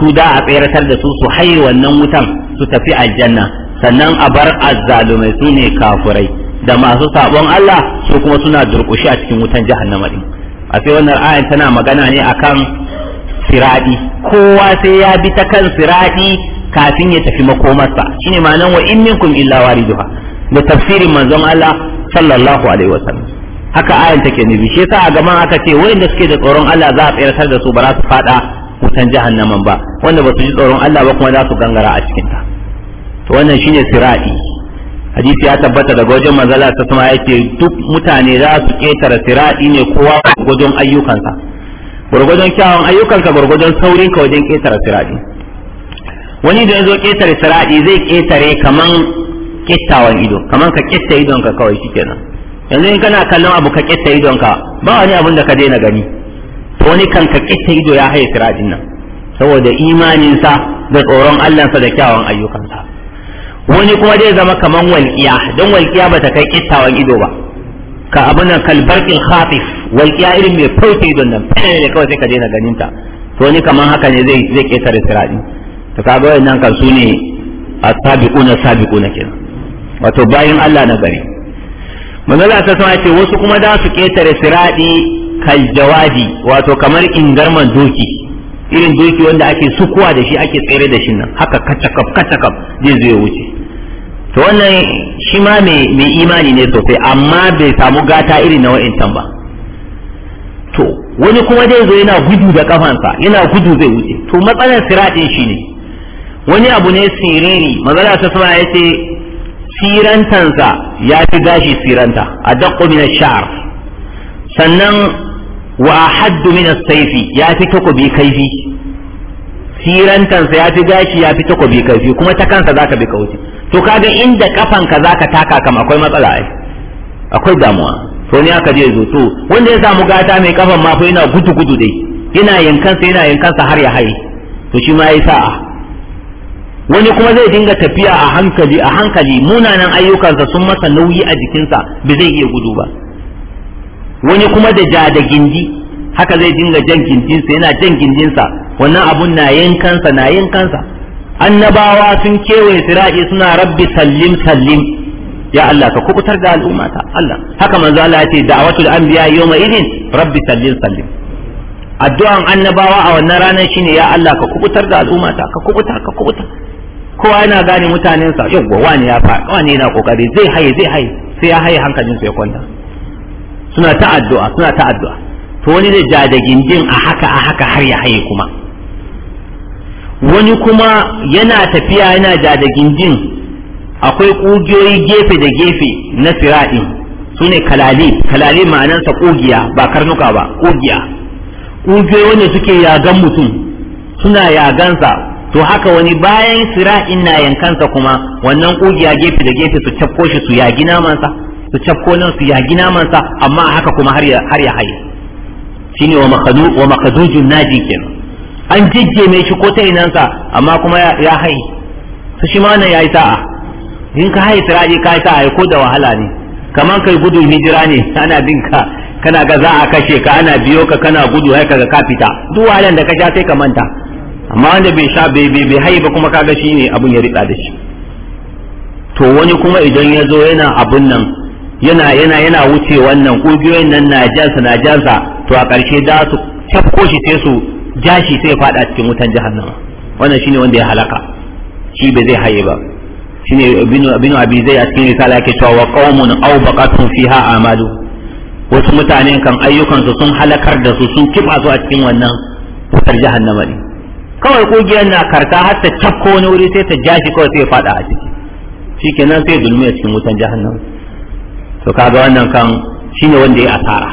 su da a tseratar da su su haye wannan wutan su tafi aljanna sannan a bar azzalumai su ne kafurai da masu sabon Allah su kuma suna durƙushi a cikin wutan jahannama din a sai wannan ayan tana magana ne akan siradi kowa sai ya bi ta kan siradi kafin ya tafi makomarsa shine ma'anan wa in minkum illa wariduha da tafsirin manzon Allah sallallahu alaihi wasallam haka ayan take nufi shi yasa a gaban aka ce wayanda suke da tsoron Allah za a tsayar da su ba za su fada wutan jahannaman ba wanda ba su ji tsoron Allah ba kuma za su gangara a cikin ta to wannan shine sirati hadisi ya tabbata daga wajen manzala ta sama yake duk mutane za su ketara sirati ne kowa gurgudun ayyukansa gwargwajon kyawun ayyukanka gwargwajon saurin ka wajen ketara sirati wani da ya zo ketare sirati zai ketare kaman kittawan ido kaman ka kitta idon ka kawai shikenan yanzu in kana kallon abu ka ido ka ba wani abin da ka daina gani to wani kan ka ƙetta ido ya haye sirajin nan saboda imaninsa da tsoron Allahnsa da kyawun ayyukansa wani kuma zai zama kamar walƙiya don walƙiya ba ta kai kittawan ido ba ka abu nan kalbarkin khatif walƙiya irin mai fauce idon nan fene ne kawai sai ka daina ganin ta to wani kaman haka ne zai zai ketare sirajin to kaga wannan kan su ne as-sabiquna sabiquna kenan wato bayin Allah na gari manzala ta sama ce wasu kuma da su ketare siradi kal jawadi wato kamar ingarman doki irin doki wanda ake sukuwa da shi ake tsere da shi nan haka katakaf katakaf zai zo ya wuce to wannan shi ma mai imani ne sosai amma bai samu gata irin na wa'incan ba to wani kuma zai zo yana gudu da kafansa yana gudu zai wuce to matsalar siradin shi ne wani abu ne siriri mazala ta sama ya ce sirantansa ya fi gashi siranta a daƙo min sha'ar sannan wa haddu min saifi ya fi takobi kaifi sirantansa ya fi gashi ya fi takobi kaifi kuma ta kansa zaka bi kauce to kaga inda kafanka zaka taka kam akwai matsala ai akwai damuwa to ne aka je zo to wanda ya samu gata mai kafan ma fa yana gudu gudu dai yana yankansa yana yankansa har ya haye to shi ma yi sa'a wani kuma zai dinga tafiya a hankali a hankali munanan ayyukansa sun masa nauyi a jikinsa ba zai iya gudu ba wani kuma da ja da gindi haka zai dinga jan gindinsa yana jan gindinsa wannan abun na yankansa na yankansa annabawa sun kewaye sirai suna rabbi sallim sallim ya Allah ka kubutar da al'ummata Allah haka manzo Allah ya ce da'watul anbiya yawma idin rabbi sallim sallim addu'an annabawa a wannan ranar shine ya Allah ka kubutar da ta ka kubuta ka kubuta kowa yana gane mutanensa yau wani ya fa wani yana kokari zai haye zai haye sai ya haye hankalin sa ya kwanta suna ta addu'a suna ta addu'a to wani zai ja da gindin a haka a haka har ya haye kuma wani kuma yana tafiya yana ja da gindin akwai kugiyoyi gefe da gefe na siraɗin su ne kalali kalali ma'anansa kugiya ba karnuka ba kugiya kugiyoyi wanda suke yagan mutum suna yagansa to haka wani bayan sira na yankansa kuma wannan kugiya gefe da gefe su cafko shi su yagi namansa su cafko nan su yagi namansa amma haka kuma har ya har ya haye shine wa makhadu wa makhadujun naji kenan an mai shi ko ta inansa amma kuma ya haye su shi ma ya yayi sa'a in ka haye sira ka yi sa'a ko da wahala ne kaman kai gudu hijira ne ana bin ka kana ga za a kashe ka ana biyo ka kana gudu haka ga ka fita duk wahalan da ka ja sai ka manta amma wanda bai sha bai bai haye ba kuma kaga shine abun ya rika da shi to wani kuma idan ya zo yana abun nan yana yana yana wuce wannan ƙungiyoyin nan na jansa na jansa to a ƙarshe da su tafko shi sai su ja shi sai faɗa cikin wutan jahannama wannan shine wanda ya halaka shi bai zai haye ba shine ibnu ibnu abi zai a cikin risala yake cewa wa qaumun aw baqatun fiha amalu wasu mutane kan ayyukansu sun halakar da su sun kifa su a cikin wannan wutar jahannama ne kawai kugiyar na karta har ta cakko wani wuri sai ta jashi kawai sai ya fada a ciki shikenan sai zulmi a cikin wutan jahannam to kaga wannan kan shine wanda ya asara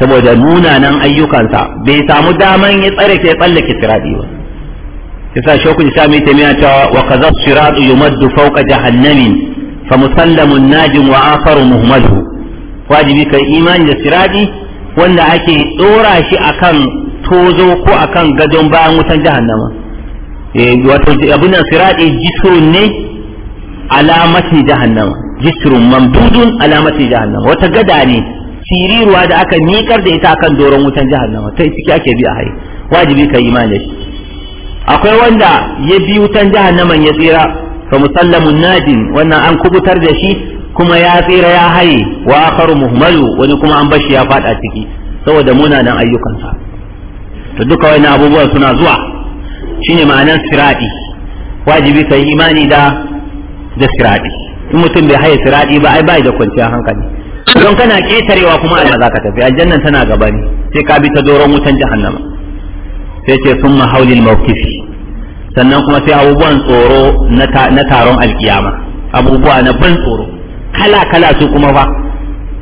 saboda munanan ayyukansa bai samu daman ya tsare ke tsallake siradi ba yasa shokun sami ta miya ta wa kaza siradu yumaddu fawqa jahannamin fa musallamun najim wa akharu muhammadu wajibi kai imani da siradi wanda ake dora shi akan tozo ko akan gadon bayan wutan jahannama eh wato abin nan sirati jisrun ne alamati jahannama jisrun mamdudun alamati jahannama wata gada ne siriruwa da aka miƙar da ita akan doron wutan jahannama ta ciki ake bi a hai wajibi ka imani da shi akwai wanda ya bi wutan jahannaman ya tsira fa musallamun najin wannan an kubutar da shi kuma ya tsira ya haye wa akharu muhmalu wani kuma an bashi ya faɗa ciki saboda munanan ayyukansa to duka wani abubuwan suna zuwa shine ma'anar siradi wajibi ka yi imani da da siradi in mutum bai haye siradi ba ai bai da kwanciyar hankali don kana ketarewa kuma za ka tafi aljannan tana gaba ne sai ka bi ta doron wutan jahannama sai ce summa haulil mawqifi sannan kuma sai abubuwan tsoro na taron alkiyama abubuwa na ban tsoro kala kala su kuma fa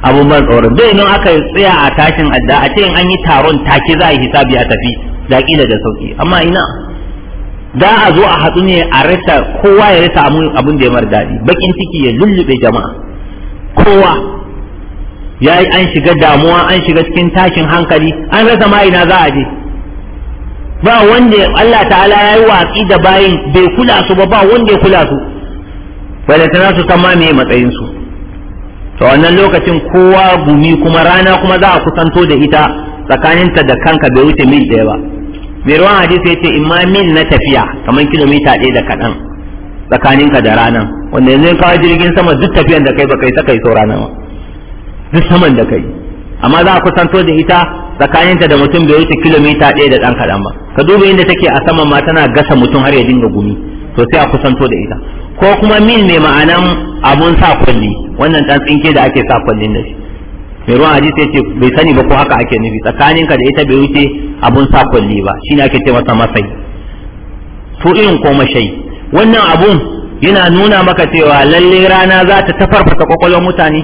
abun ban tsoro dai idan aka tsaya a tashin adda a ce an yi taron take za a yi hisabi a tafi da kila da sauki amma ina da a zo a hatsu ne a rasa kowa ya rasa abin da ya mar daɗi bakin ciki ya lullube jama'a kowa ya yi an shiga damuwa an shiga cikin tashin hankali an rasa ma ina za a je ba wanda Allah ta'ala ya yi watsi da bayin bai kula su ba ba wanda ya kula su balantana su san ma matsayin su to wannan lokacin kowa gumi kuma rana kuma za a kusanto da ita tsakaninta da kanka bai wuce mil ɗaya ba mai ruwan hadisi ya ce imma mil na tafiya kamar kilomita ɗaya da kaɗan tsakaninka da rana wanda yanzu ya kawo jirgin sama duk tafiyan da kai ba kai ta kai sau rana ba duk saman da kai amma za a kusanto da ita tsakaninta da mutum bai wuce kilomita ɗaya da ɗan kaɗan ba ka duba inda take a saman ma tana gasa mutum har ya dinga gumi to sai a kusanto da ita ko kuma min mai ma'anan abun sa kwalli wannan dan tsinke da ake sa kwallin da shi mai ruwan hadisi yace bai sani ba ko haka ake nufi tsakaninka da ita bai wuce abun sa kwalli ba shine ake ce masa masai to irin ko mashai wannan abun yana nuna maka cewa lalle rana za ta tafarfasa kwakwalwar mutane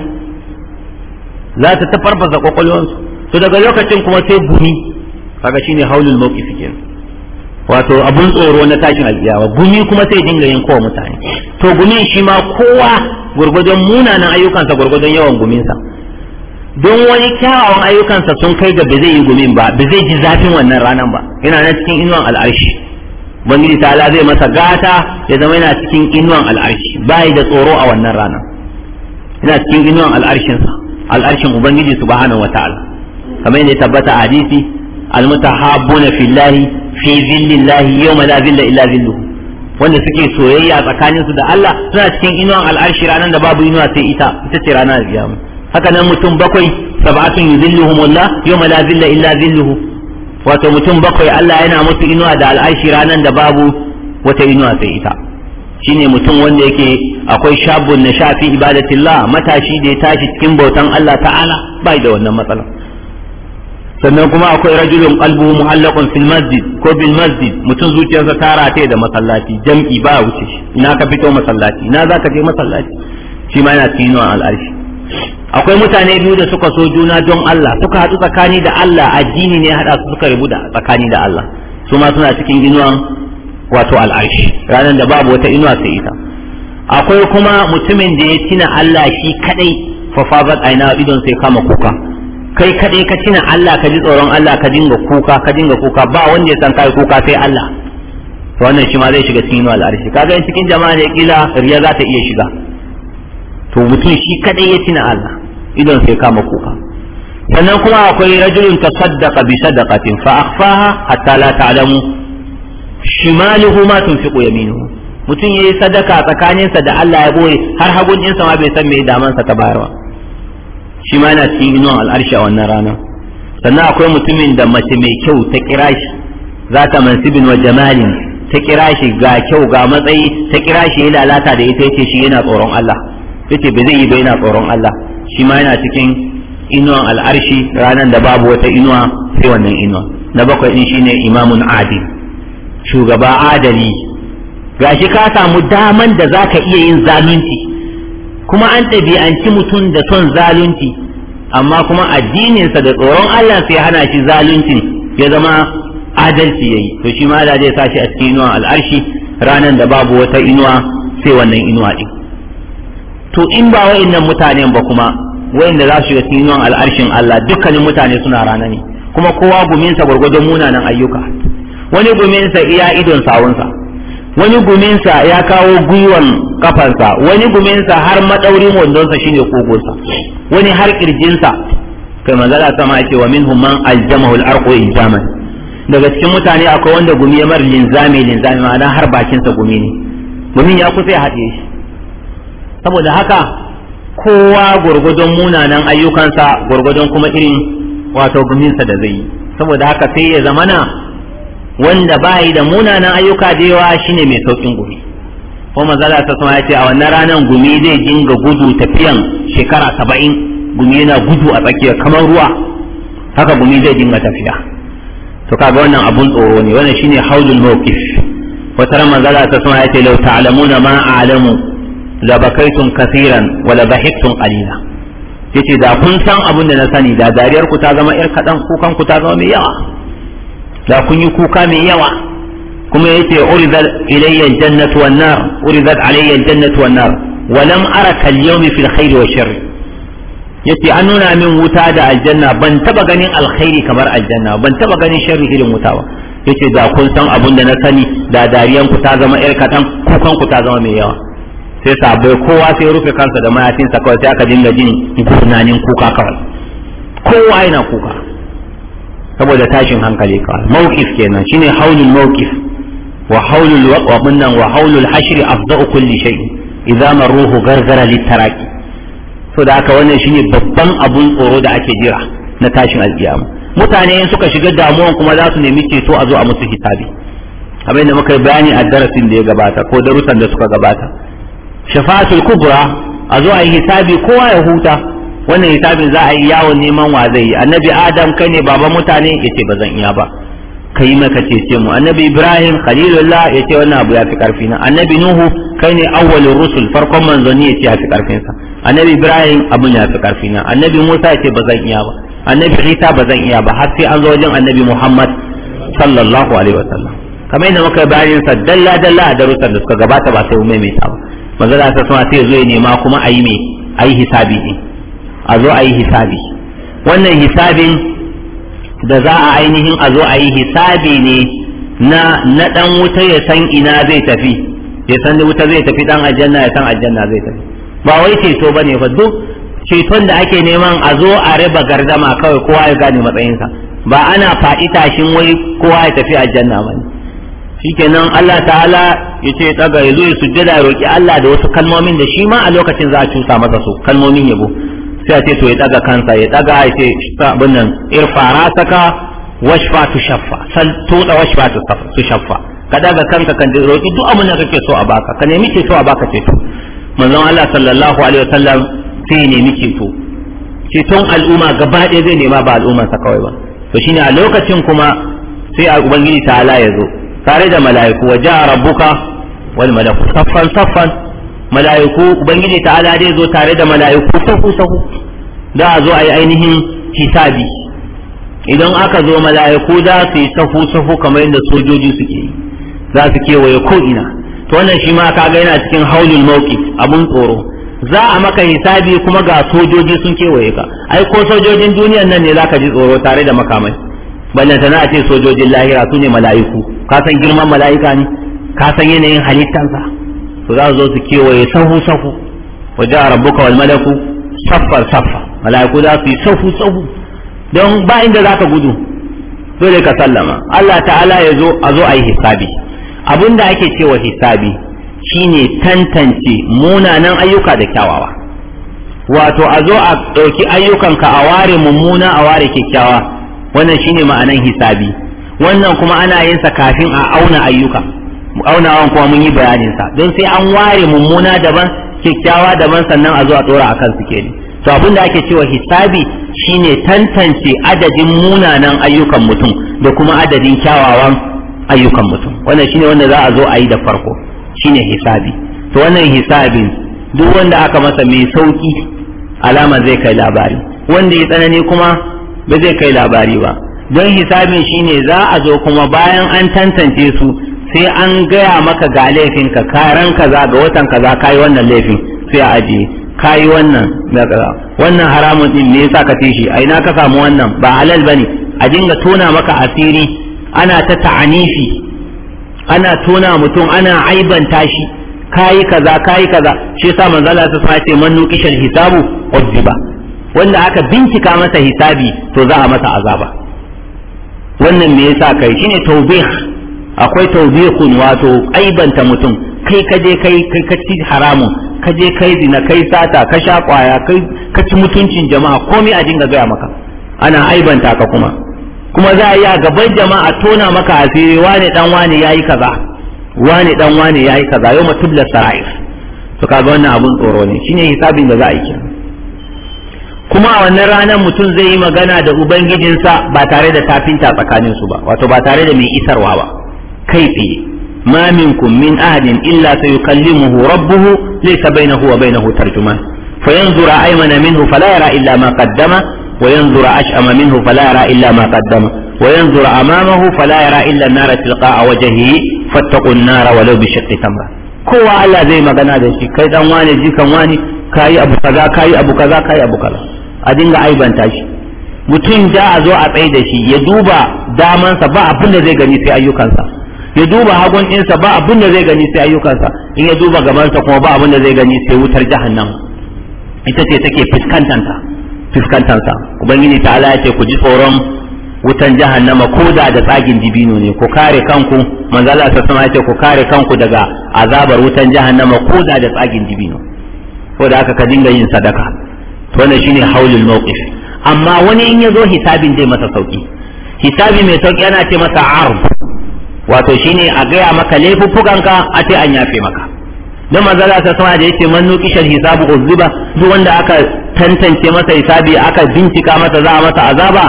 za ta tafarfasa su to daga lokacin kuma sai gumi kaga shine haulul mawqif kenan wato abun tsoro na tashin alƙiyama gumi kuma sai dinga yin kowa mutane to gumin shi ma kowa gurgudun munanan ayyukansa gurgudun yawan guminsa don wani kyawawan ayyukansa sun kai ga ba zai yi gumin ba ba zai ji zafin wannan ranan ba yana na cikin inuwan al'arshi ubangiji ta'ala zai masa gata ya zama yana cikin inuwan al'arshi bai da tsoro a wannan ranan yana cikin inuwan al'arshinsa al'arshin ubangiji wata ala kamar yadda ya tabbata a hadisi almuta mutahabbuna fillahi fi yau ma la zilla illa zilluhu wanda suke soyayya tsakanin su da Allah suna cikin inuwan al'arshi ranar da babu inuwa sai ita ita ce ranar alƙiyama haka nan mutum bakwai sab'atun yuzilluhumullah yawma la zilla illa zilluhu wato mutum bakwai Allah yana musu inuwa da al'arshi ranar da babu wata inuwa sai ita shine mutum wanda yake akwai shabun na shafi ibadatillah matashi da ya tashi cikin bautan Allah ta'ala bai da wannan matsala sannan kuma akwai rajulun qalbuhu muhallaqun fil masjid ko bil masjid mutum zuciyarsa ta rataye da masallaci jam'i ba wuce shi ina ka fito masallaci ina za ka je masallaci shi ma yana cikin al'arshi akwai mutane biyu da suka so juna don Allah suka haɗu tsakani da Allah addini ne haɗa su suka rubuta tsakani da Allah su ma suna cikin inuwan wato al'arshi ranar da babu wata inuwa sai ita akwai kuma mutumin da ya tina Allah shi kadai fa fazat aina idon sai kama kuka kai kadai ka cina Allah ka ji tsoron Allah ka dinga kuka ka dinga kuka ba wanda ya san kai kuka sai Allah to wannan shi ma zai shiga cikin wal arshi kaga in cikin jama'a ne kila riya za ta iya shiga to mutum shi kadai ya cina Allah idan sai kama kuka sannan kuma akwai rajulun tasaddaqa bi sadaqatin fa akhfaha hatta la ta'lamu shimaluhu ma tunfiqu yaminuhu mutum yayi sadaka tsakaninsa da Allah ya bore har hagun ɗinsa ma bai san me damansa ta bayarwa shi ma yana cikin inuwan al'arshi a wannan rana sannan akwai mutumin da mace mai kyau ta kira shi za ta mansibin wa jamalin ta kira shi ga kyau ga matsayi ta kira shi ya lalata da ita yace shi yana tsoron Allah yace ba zai yi ba yana tsoron Allah shi ma yana cikin inuwan al'arshi ranar da babu wata inuwa sai wannan inuwa na bakwai din shine imamun adi shugaba adali gashi ka samu daman da zaka iya yin zalunci kuma an ɗabi'anci mutum da son zalunci amma kuma addininsa da tsoron Allah sai hana shi zaluncin ya zama adalci yayi to shi ma da zai sa shi a cikin inuwa al'arshi ranan da babu wata inuwa sai wannan inuwa din to in ba wa'annan mutanen ba kuma wa'anda za su yi cikin inuwan al'arshin Allah dukkanin mutane suna rana ne kuma kowa guminsa gwargwadon munanan ayyuka wani guminsa iya idon sawunsa wani guminsa ya kawo gwiwan kafansa wani guminsa har madaurin wandonsa shine kogonsa wani har kirjinsa kai manzala sama ce wa minhum man aljamahu al-arqu daga cikin mutane akwai wanda gumi ya mar linzami linzami ma'ana har bakinsa gumi ne gumin ya kusa ya haɗe shi saboda haka kowa gurgudun munanan ayyukansa gurgudun kuma irin wato guminsa da zai yi saboda haka sai ya zamana wanda yi da munanan ayyuka da yawa shine mai saukin gumi ko manzala ta sama ya ce a wannan ranar gumi zai dinga gudu tafiyan shekara saba'in gumi yana gudu a tsakiya kamar ruwa haka gumi zai dinga tafiya to kaga wannan abun tsoro ne wannan shine haulul mawqif wata ran manzala ta sama ya ce law ta'lamuna ma a'lamu la bakaitum kaseeran wa la bahittum qalila yace da kun san abun da na sani da dariyar ku ta zama yar kadan kukan ku ta zama mai yawa da kun yi kuka mai yawa kuma yace uridat ilayya aljannatu wan nar uridat alayya aljannatu wan nar wa lam araka al-yawm fi al-khair wa sharr yace an nuna min wuta da aljanna ban taba ganin alkhairi kamar aljanna ban taba ganin sharri irin wuta ba yace da kun san abun da na sani da dariyan ku ta zama yar kadan kukan ku ta zama mai yawa sai sabai kowa sai rufe kansa da mayafinsa kawai sai aka dinga jin gurnanin kuka kawai kowa yana kuka saboda tashin hankali ka mawqif kenan shine haulul mawqif wa haulul waqwa bunnan wa haulul hashri afdau kulli shay idza gargara litaraki so da aka wannan shine babban abun tsoro da ake jira na tashin alkiyama mutane in suka shiga damuwan kuma za su nemi ceto a zo a musu hisabi abin da muka bayani a darasin da ya gabata ko darussan da suka gabata shafatul kubra a zo a yi hisabi kowa ya huta wannan hisabin za a yi yawon neman wa zai yi annabi adam kai ne baban mutane ya ce ba zan iya ba kai maka cece mu annabi ibrahim khalilullah ya ce wannan abu ya fi karfi na annabi nuhu kai ne awwalur rusul farkon manzoni yace ya fi karfin sa annabi ibrahim abun ya fi karfi na annabi musa ya ce ba zan iya ba annabi isa ba zan iya ba har sai an zo wajen annabi muhammad sallallahu alaihi wasallam kamar yadda muka bayanin sa dalla dalla a darussan da suka gabata ba sai mu maimaita ba manzo da sa sai zo ya nema kuma a ayi me ayi hisabi din a zo a yi hisabi wannan hisabin da za a ainihin a zo a yi hisabi ne na na dan wuta ya san ina zai tafi ya san wuta zai tafi dan aljanna ya san aljanna zai tafi ba wai ceto bane fa duk ceton da ake neman a zo a raba gardama kawai kowa ya gane matsayinsa ba ana faɗi tashin wai kowa ya tafi aljanna bane shikenan Allah ta'ala ya ce daga yazo ya sujjada ya roki Allah da wasu kalmomin da shi ma a lokacin za a cusa masa su kalmomin yabo sai a ce to ya daga kansa ya daga ya ce abin nan irfa rasaka washfa tu shaffa sal tuda washfa tu shaffa ka daga kanka kan roki duk abin da kake so a baka ka nemi ce so a baka ce to manzon Allah sallallahu alaihi wasallam sai nemi ce to ceton al'umma gaba ɗaya zai nema ba al'umma sa kawai ba to shine a lokacin kuma sai a ubangiji ta ala ya zo tare da mala'iku wa ja'a rabbuka wal malaku saffan saffan mala'iku ubangiji ta'ala zai zo tare da mala'iku sahu sahu za a zo a yi ainihin hisabi idan aka zo mala'iku za su yi sahu sahu kamar yadda sojoji suke za su kewaye ko ina to wannan shi ma kaga yana cikin haulul mawqif abun tsoro za a maka hisabi kuma ga sojoji sun kewaye ka ai ko sojojin duniyar nan ne zaka ji tsoro tare da makamai ballanta na ce sojojin lahira su ne mala'iku ka san girman mala'ika ne ka san yanayin halittansa to za su zo su kewaye sahu sahu wa ja rabbuka wal malaku saffar saffa malaiku za su yi sahu sahu don ba inda zaka gudu dole ka sallama Allah ta'ala ya zo a zo a yi hisabi abinda ake cewa hisabi shine tantance munanan ayyuka da kyawawa wato a zo a ɗauki ayyukanka a ware mummuna a ware kyakkyawa wannan shine ma'anan hisabi wannan kuma ana yin sa kafin a auna ayyuka mu aunawan kuma mun yi bayanin sa don sai an ware mummuna daban kyakkyawa daban sannan a zo a a akan su kenan to abin da ake cewa hisabi shine tantance adadin munanan ayyukan mutum da kuma adadin kyawawan ayyukan mutum wannan shine wanda za a zo a yi da farko shine hisabi to wannan hisabin duk wanda aka masa mai sauki alama zai kai labari wanda ya tsanani kuma ba zai kai labari ba don hisabin shine za a zo kuma bayan an tantance su sai an gaya maka ga laifinka ka ran kaza ga watan kaza ka yi wannan laifin sai a ajiye ka yi wannan wannan haramun din ne yasa ka ci shi a ina ka samu wannan ba halal bane a dinga tona maka asiri ana ta ta'anifi ana tona mutum ana aibanta shi kayi kaza kayi kaza shi yasa manzo Allah ta ce man nuqishal hisabu udiba wanda aka bincika masa hisabi to za a masa azaba wannan me yasa kai shine tawbih akwai tawbiqun wato aibanta mutum kai ka je kai kai ka ci haramun ka je kai zina kai sata ka sha kwaya kai ka ci mutuncin jama'a komai a dinga gaya maka ana aibanta ka kuma kuma za a yi a gaban jama'a tona maka asiri wane dan wane yayi kaza wane dan wane yayi kaza yau matubla sarair to kaga wannan abun tsoro ne shine hisabin da za a yi kuma a wannan ranar mutum zai yi magana da ubangijinsa ba tare da tafinta tsakaninsu ba wato ba tare da mai isarwa ba kai tsaye ma minkum min ahadin illa sayukallimuhu rabbuhu laysa bainahu wa bainahu tarjuman fayanzura aymana minhu fala yara illa ma qaddama wa yanzura ash'ama minhu fala yara illa ma qaddama wa yanzura amamahu fala yara illa an-nara tilqa'a wajhihi fattaqu an-nara walau bi shaqqi tamra kowa Allah zai magana da shi kai dan wane jikan wani kayi abu kaza kayi abu kaza kayi abu kaza a dinga aibanta shi mutum da a zo a tsaye da shi ya duba damansa ba abin da zai gani sai ayyukansa ya duba hagun ɗinsa ba abin da zai gani sai ayyukansa in ya duba gabansa kuma ba abin da zai gani sai wutar jahannam ita ce take fuskantanta fuskantansa ubangiji ta ala ce ku ji tsoron wutan jahannama ko da da tsagin dibino ne ku kare kanku manzala ta sama ce ku kare kanku daga azabar wutan jahannama ko da da tsagin dibino ko da aka ka dinga yin sadaka to wannan shine haulul mawqif amma wani in ya zo hisabin zai masa sauki hisabi mai sauki ana ce masa arb wato shine a gaya maka laifuffukanka a ce an yafe maka don manzala ta sama da yace man nuqishal hisabu uzziba duk wanda aka tantance masa hisabi aka bincika masa za a masa azaba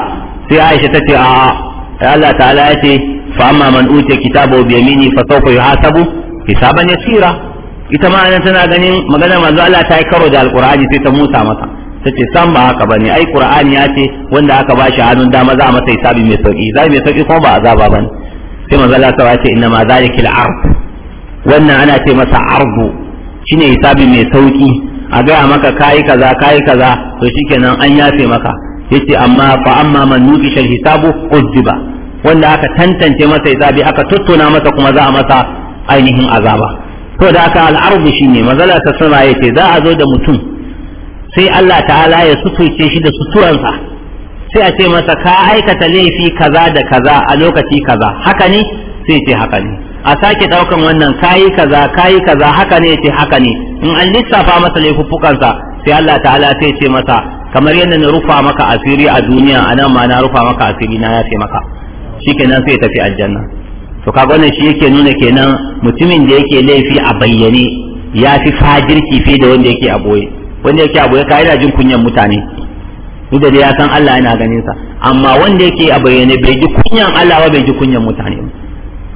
sai Aisha ta ce a Allah ta'ala ya ce fa amma man utiya kitabu bi yamini fa sawfa yuhasabu hisaban yasira ita ma nan tana ganin magana manzo Allah ta yi karo da alqur'ani sai ta musa masa ta ce san ba haka bane ai qur'ani ya ce wanda aka bashi hannun dama za a masa hisabi mai sauki zai mai sauki kuma ba azaba bane sai manzo Allah ta ce inna ma zalikal ard wannan ana ce masa ardu shine hisabi mai sauki a gaya maka kai kaza kayi kaza to shikenan an yafe maka yace amma fa amma man nuqisha hisabu ujiba wanda aka tantance masa hisabi aka tottona masa kuma za a masa ainihin azaba to da aka al'arbu shine mazala ta sama yace za a zo da mutum sai Allah ta'ala ya suturce shi da suturansa sai a ce masa ka aikata laifi kaza da kaza a lokaci kaza haka ne sai ce haka ne a sake daukan wannan kayi kaza kayi kaza haka ne ce haka ne in an lissafa masa laifuffukansa sai Allah ta'ala sai ce masa kamar yadda na rufa maka asiri a duniya anan ma na rufa maka asiri na yafe maka shikenan sai tafi aljanna to kaga wannan shi yake nuna kenan mutumin da yake laifi a bayyane ya fi fajirki fi da wanda yake a boye wanda yake a boye ka yana jin kunyan mutane duk da ya san Allah yana ganin sa amma wanda yake a bayyane bai ji kunyan Allah ba bai ji kunyan mutane ba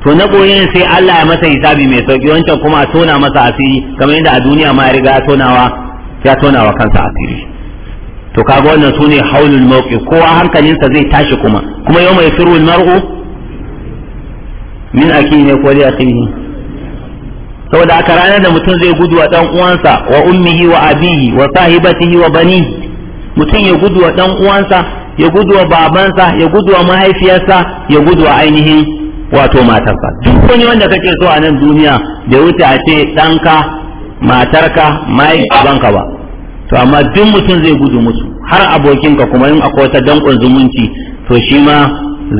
to na goyen sai Allah ya masa hisabi mai sauki wancan kuma a tona masa asiri kamar yadda a duniya ma ya riga tonawa ya tonawa kansa asiri to kaga wannan sune haulul mawqi kowa sa zai tashi kuma kuma yau mai firul mar'u min akihi ne ko da akihi saboda aka ranar da mutum zai gudu wa dan uwansa wa ummihi wa abihi wa sahibatihi wa banihi mutum ya gudu wa dan uwansa ya gudu wa babansa ya gudu wa mahaifiyarsa ya gudu wa ainihin wato matarsa duk wani wanda kake so a nan duniya bai wuce a ce ɗanka matarka mahaifiyanka ba to amma duk mutum zai gudu musu har abokinka kuma in akwai wata dankon zumunci to shi ma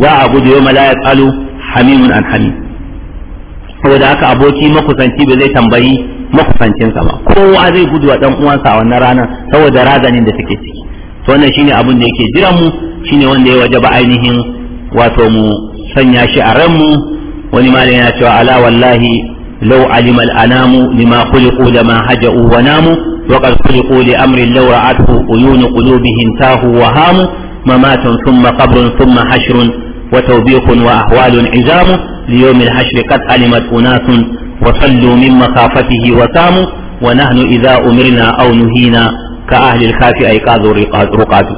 za a gudu yau malayat alu hamimun an saboda haka aboki makusanci ba zai tambayi makusancinsa ba kowa zai gudu wa dan uwansa a wannan ranar saboda razanin da suke ciki to wannan shine abin da yake jira mu shine wanda ya wajaba ainihin wato mu sanya shi a ran mu wani malami yana cewa ala wallahi law alima al-anamu lima khuliqu lama haja'u wa namu wa qad khuliqu li amrin law ra'athu uyun qulubihim tahu wa hamu wa ahwalun izamu li yawm al hashr qad alimat unasun wa sallu أناس وصلوا wa مخافته wa nahnu idha umirna aw nuhina ka ahlil kafi ay qazu ruqatu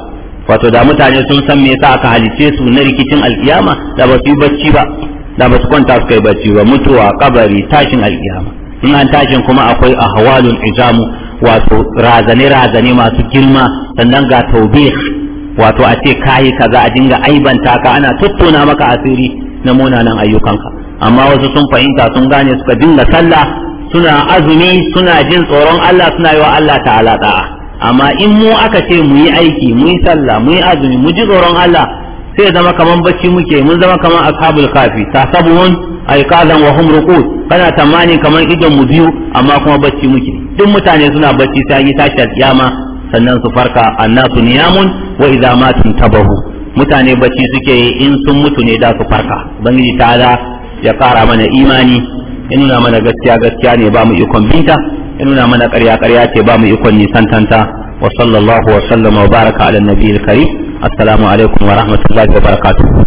wato da mutane sun san me yasa aka halice su na rikicin alkiyama da ba su yi bacci ba da ba su kwanta su kai bacci ba mutuwa kabari tashin alkiyama in an tashin kuma akwai ahwalul izamu wato razane razane masu girma sannan ga taubih wato a ce kayi kaza a dinga aibanta ka ana tattauna maka asiri na munanan ayyukanka amma wasu sun fahimta sun gane suka dinga sallah suna azumi suna jin tsoron Allah suna yi wa Allah ta'ala da'a amma in mu aka ce mu yi aiki mu yi sallah mu yi azumi mu ji tsoron Allah sai zama kaman bacci muke mun zama kaman ashabul kafi tasabuhun aiqazan wa hum ruqud kana tamani kaman idon mu biyu amma kuma bacci muke duk mutane suna bacci sai yi tashi kiyama sannan su farka annasu niyamun wa idza matun tabahu mutane bacci suke in sun mutu ne da su farka ta ta'ala ya kara mana imani ya nuna mana gaskiya gaskiya ne ba mu ikon binta ya nuna mana ƙarya ƙarya ce ba mu ikon nisantanta wa sallallahu wa sallama wa baraka ala nabiyil karim assalamu alaikum wa rahmatullahi wa barakatuh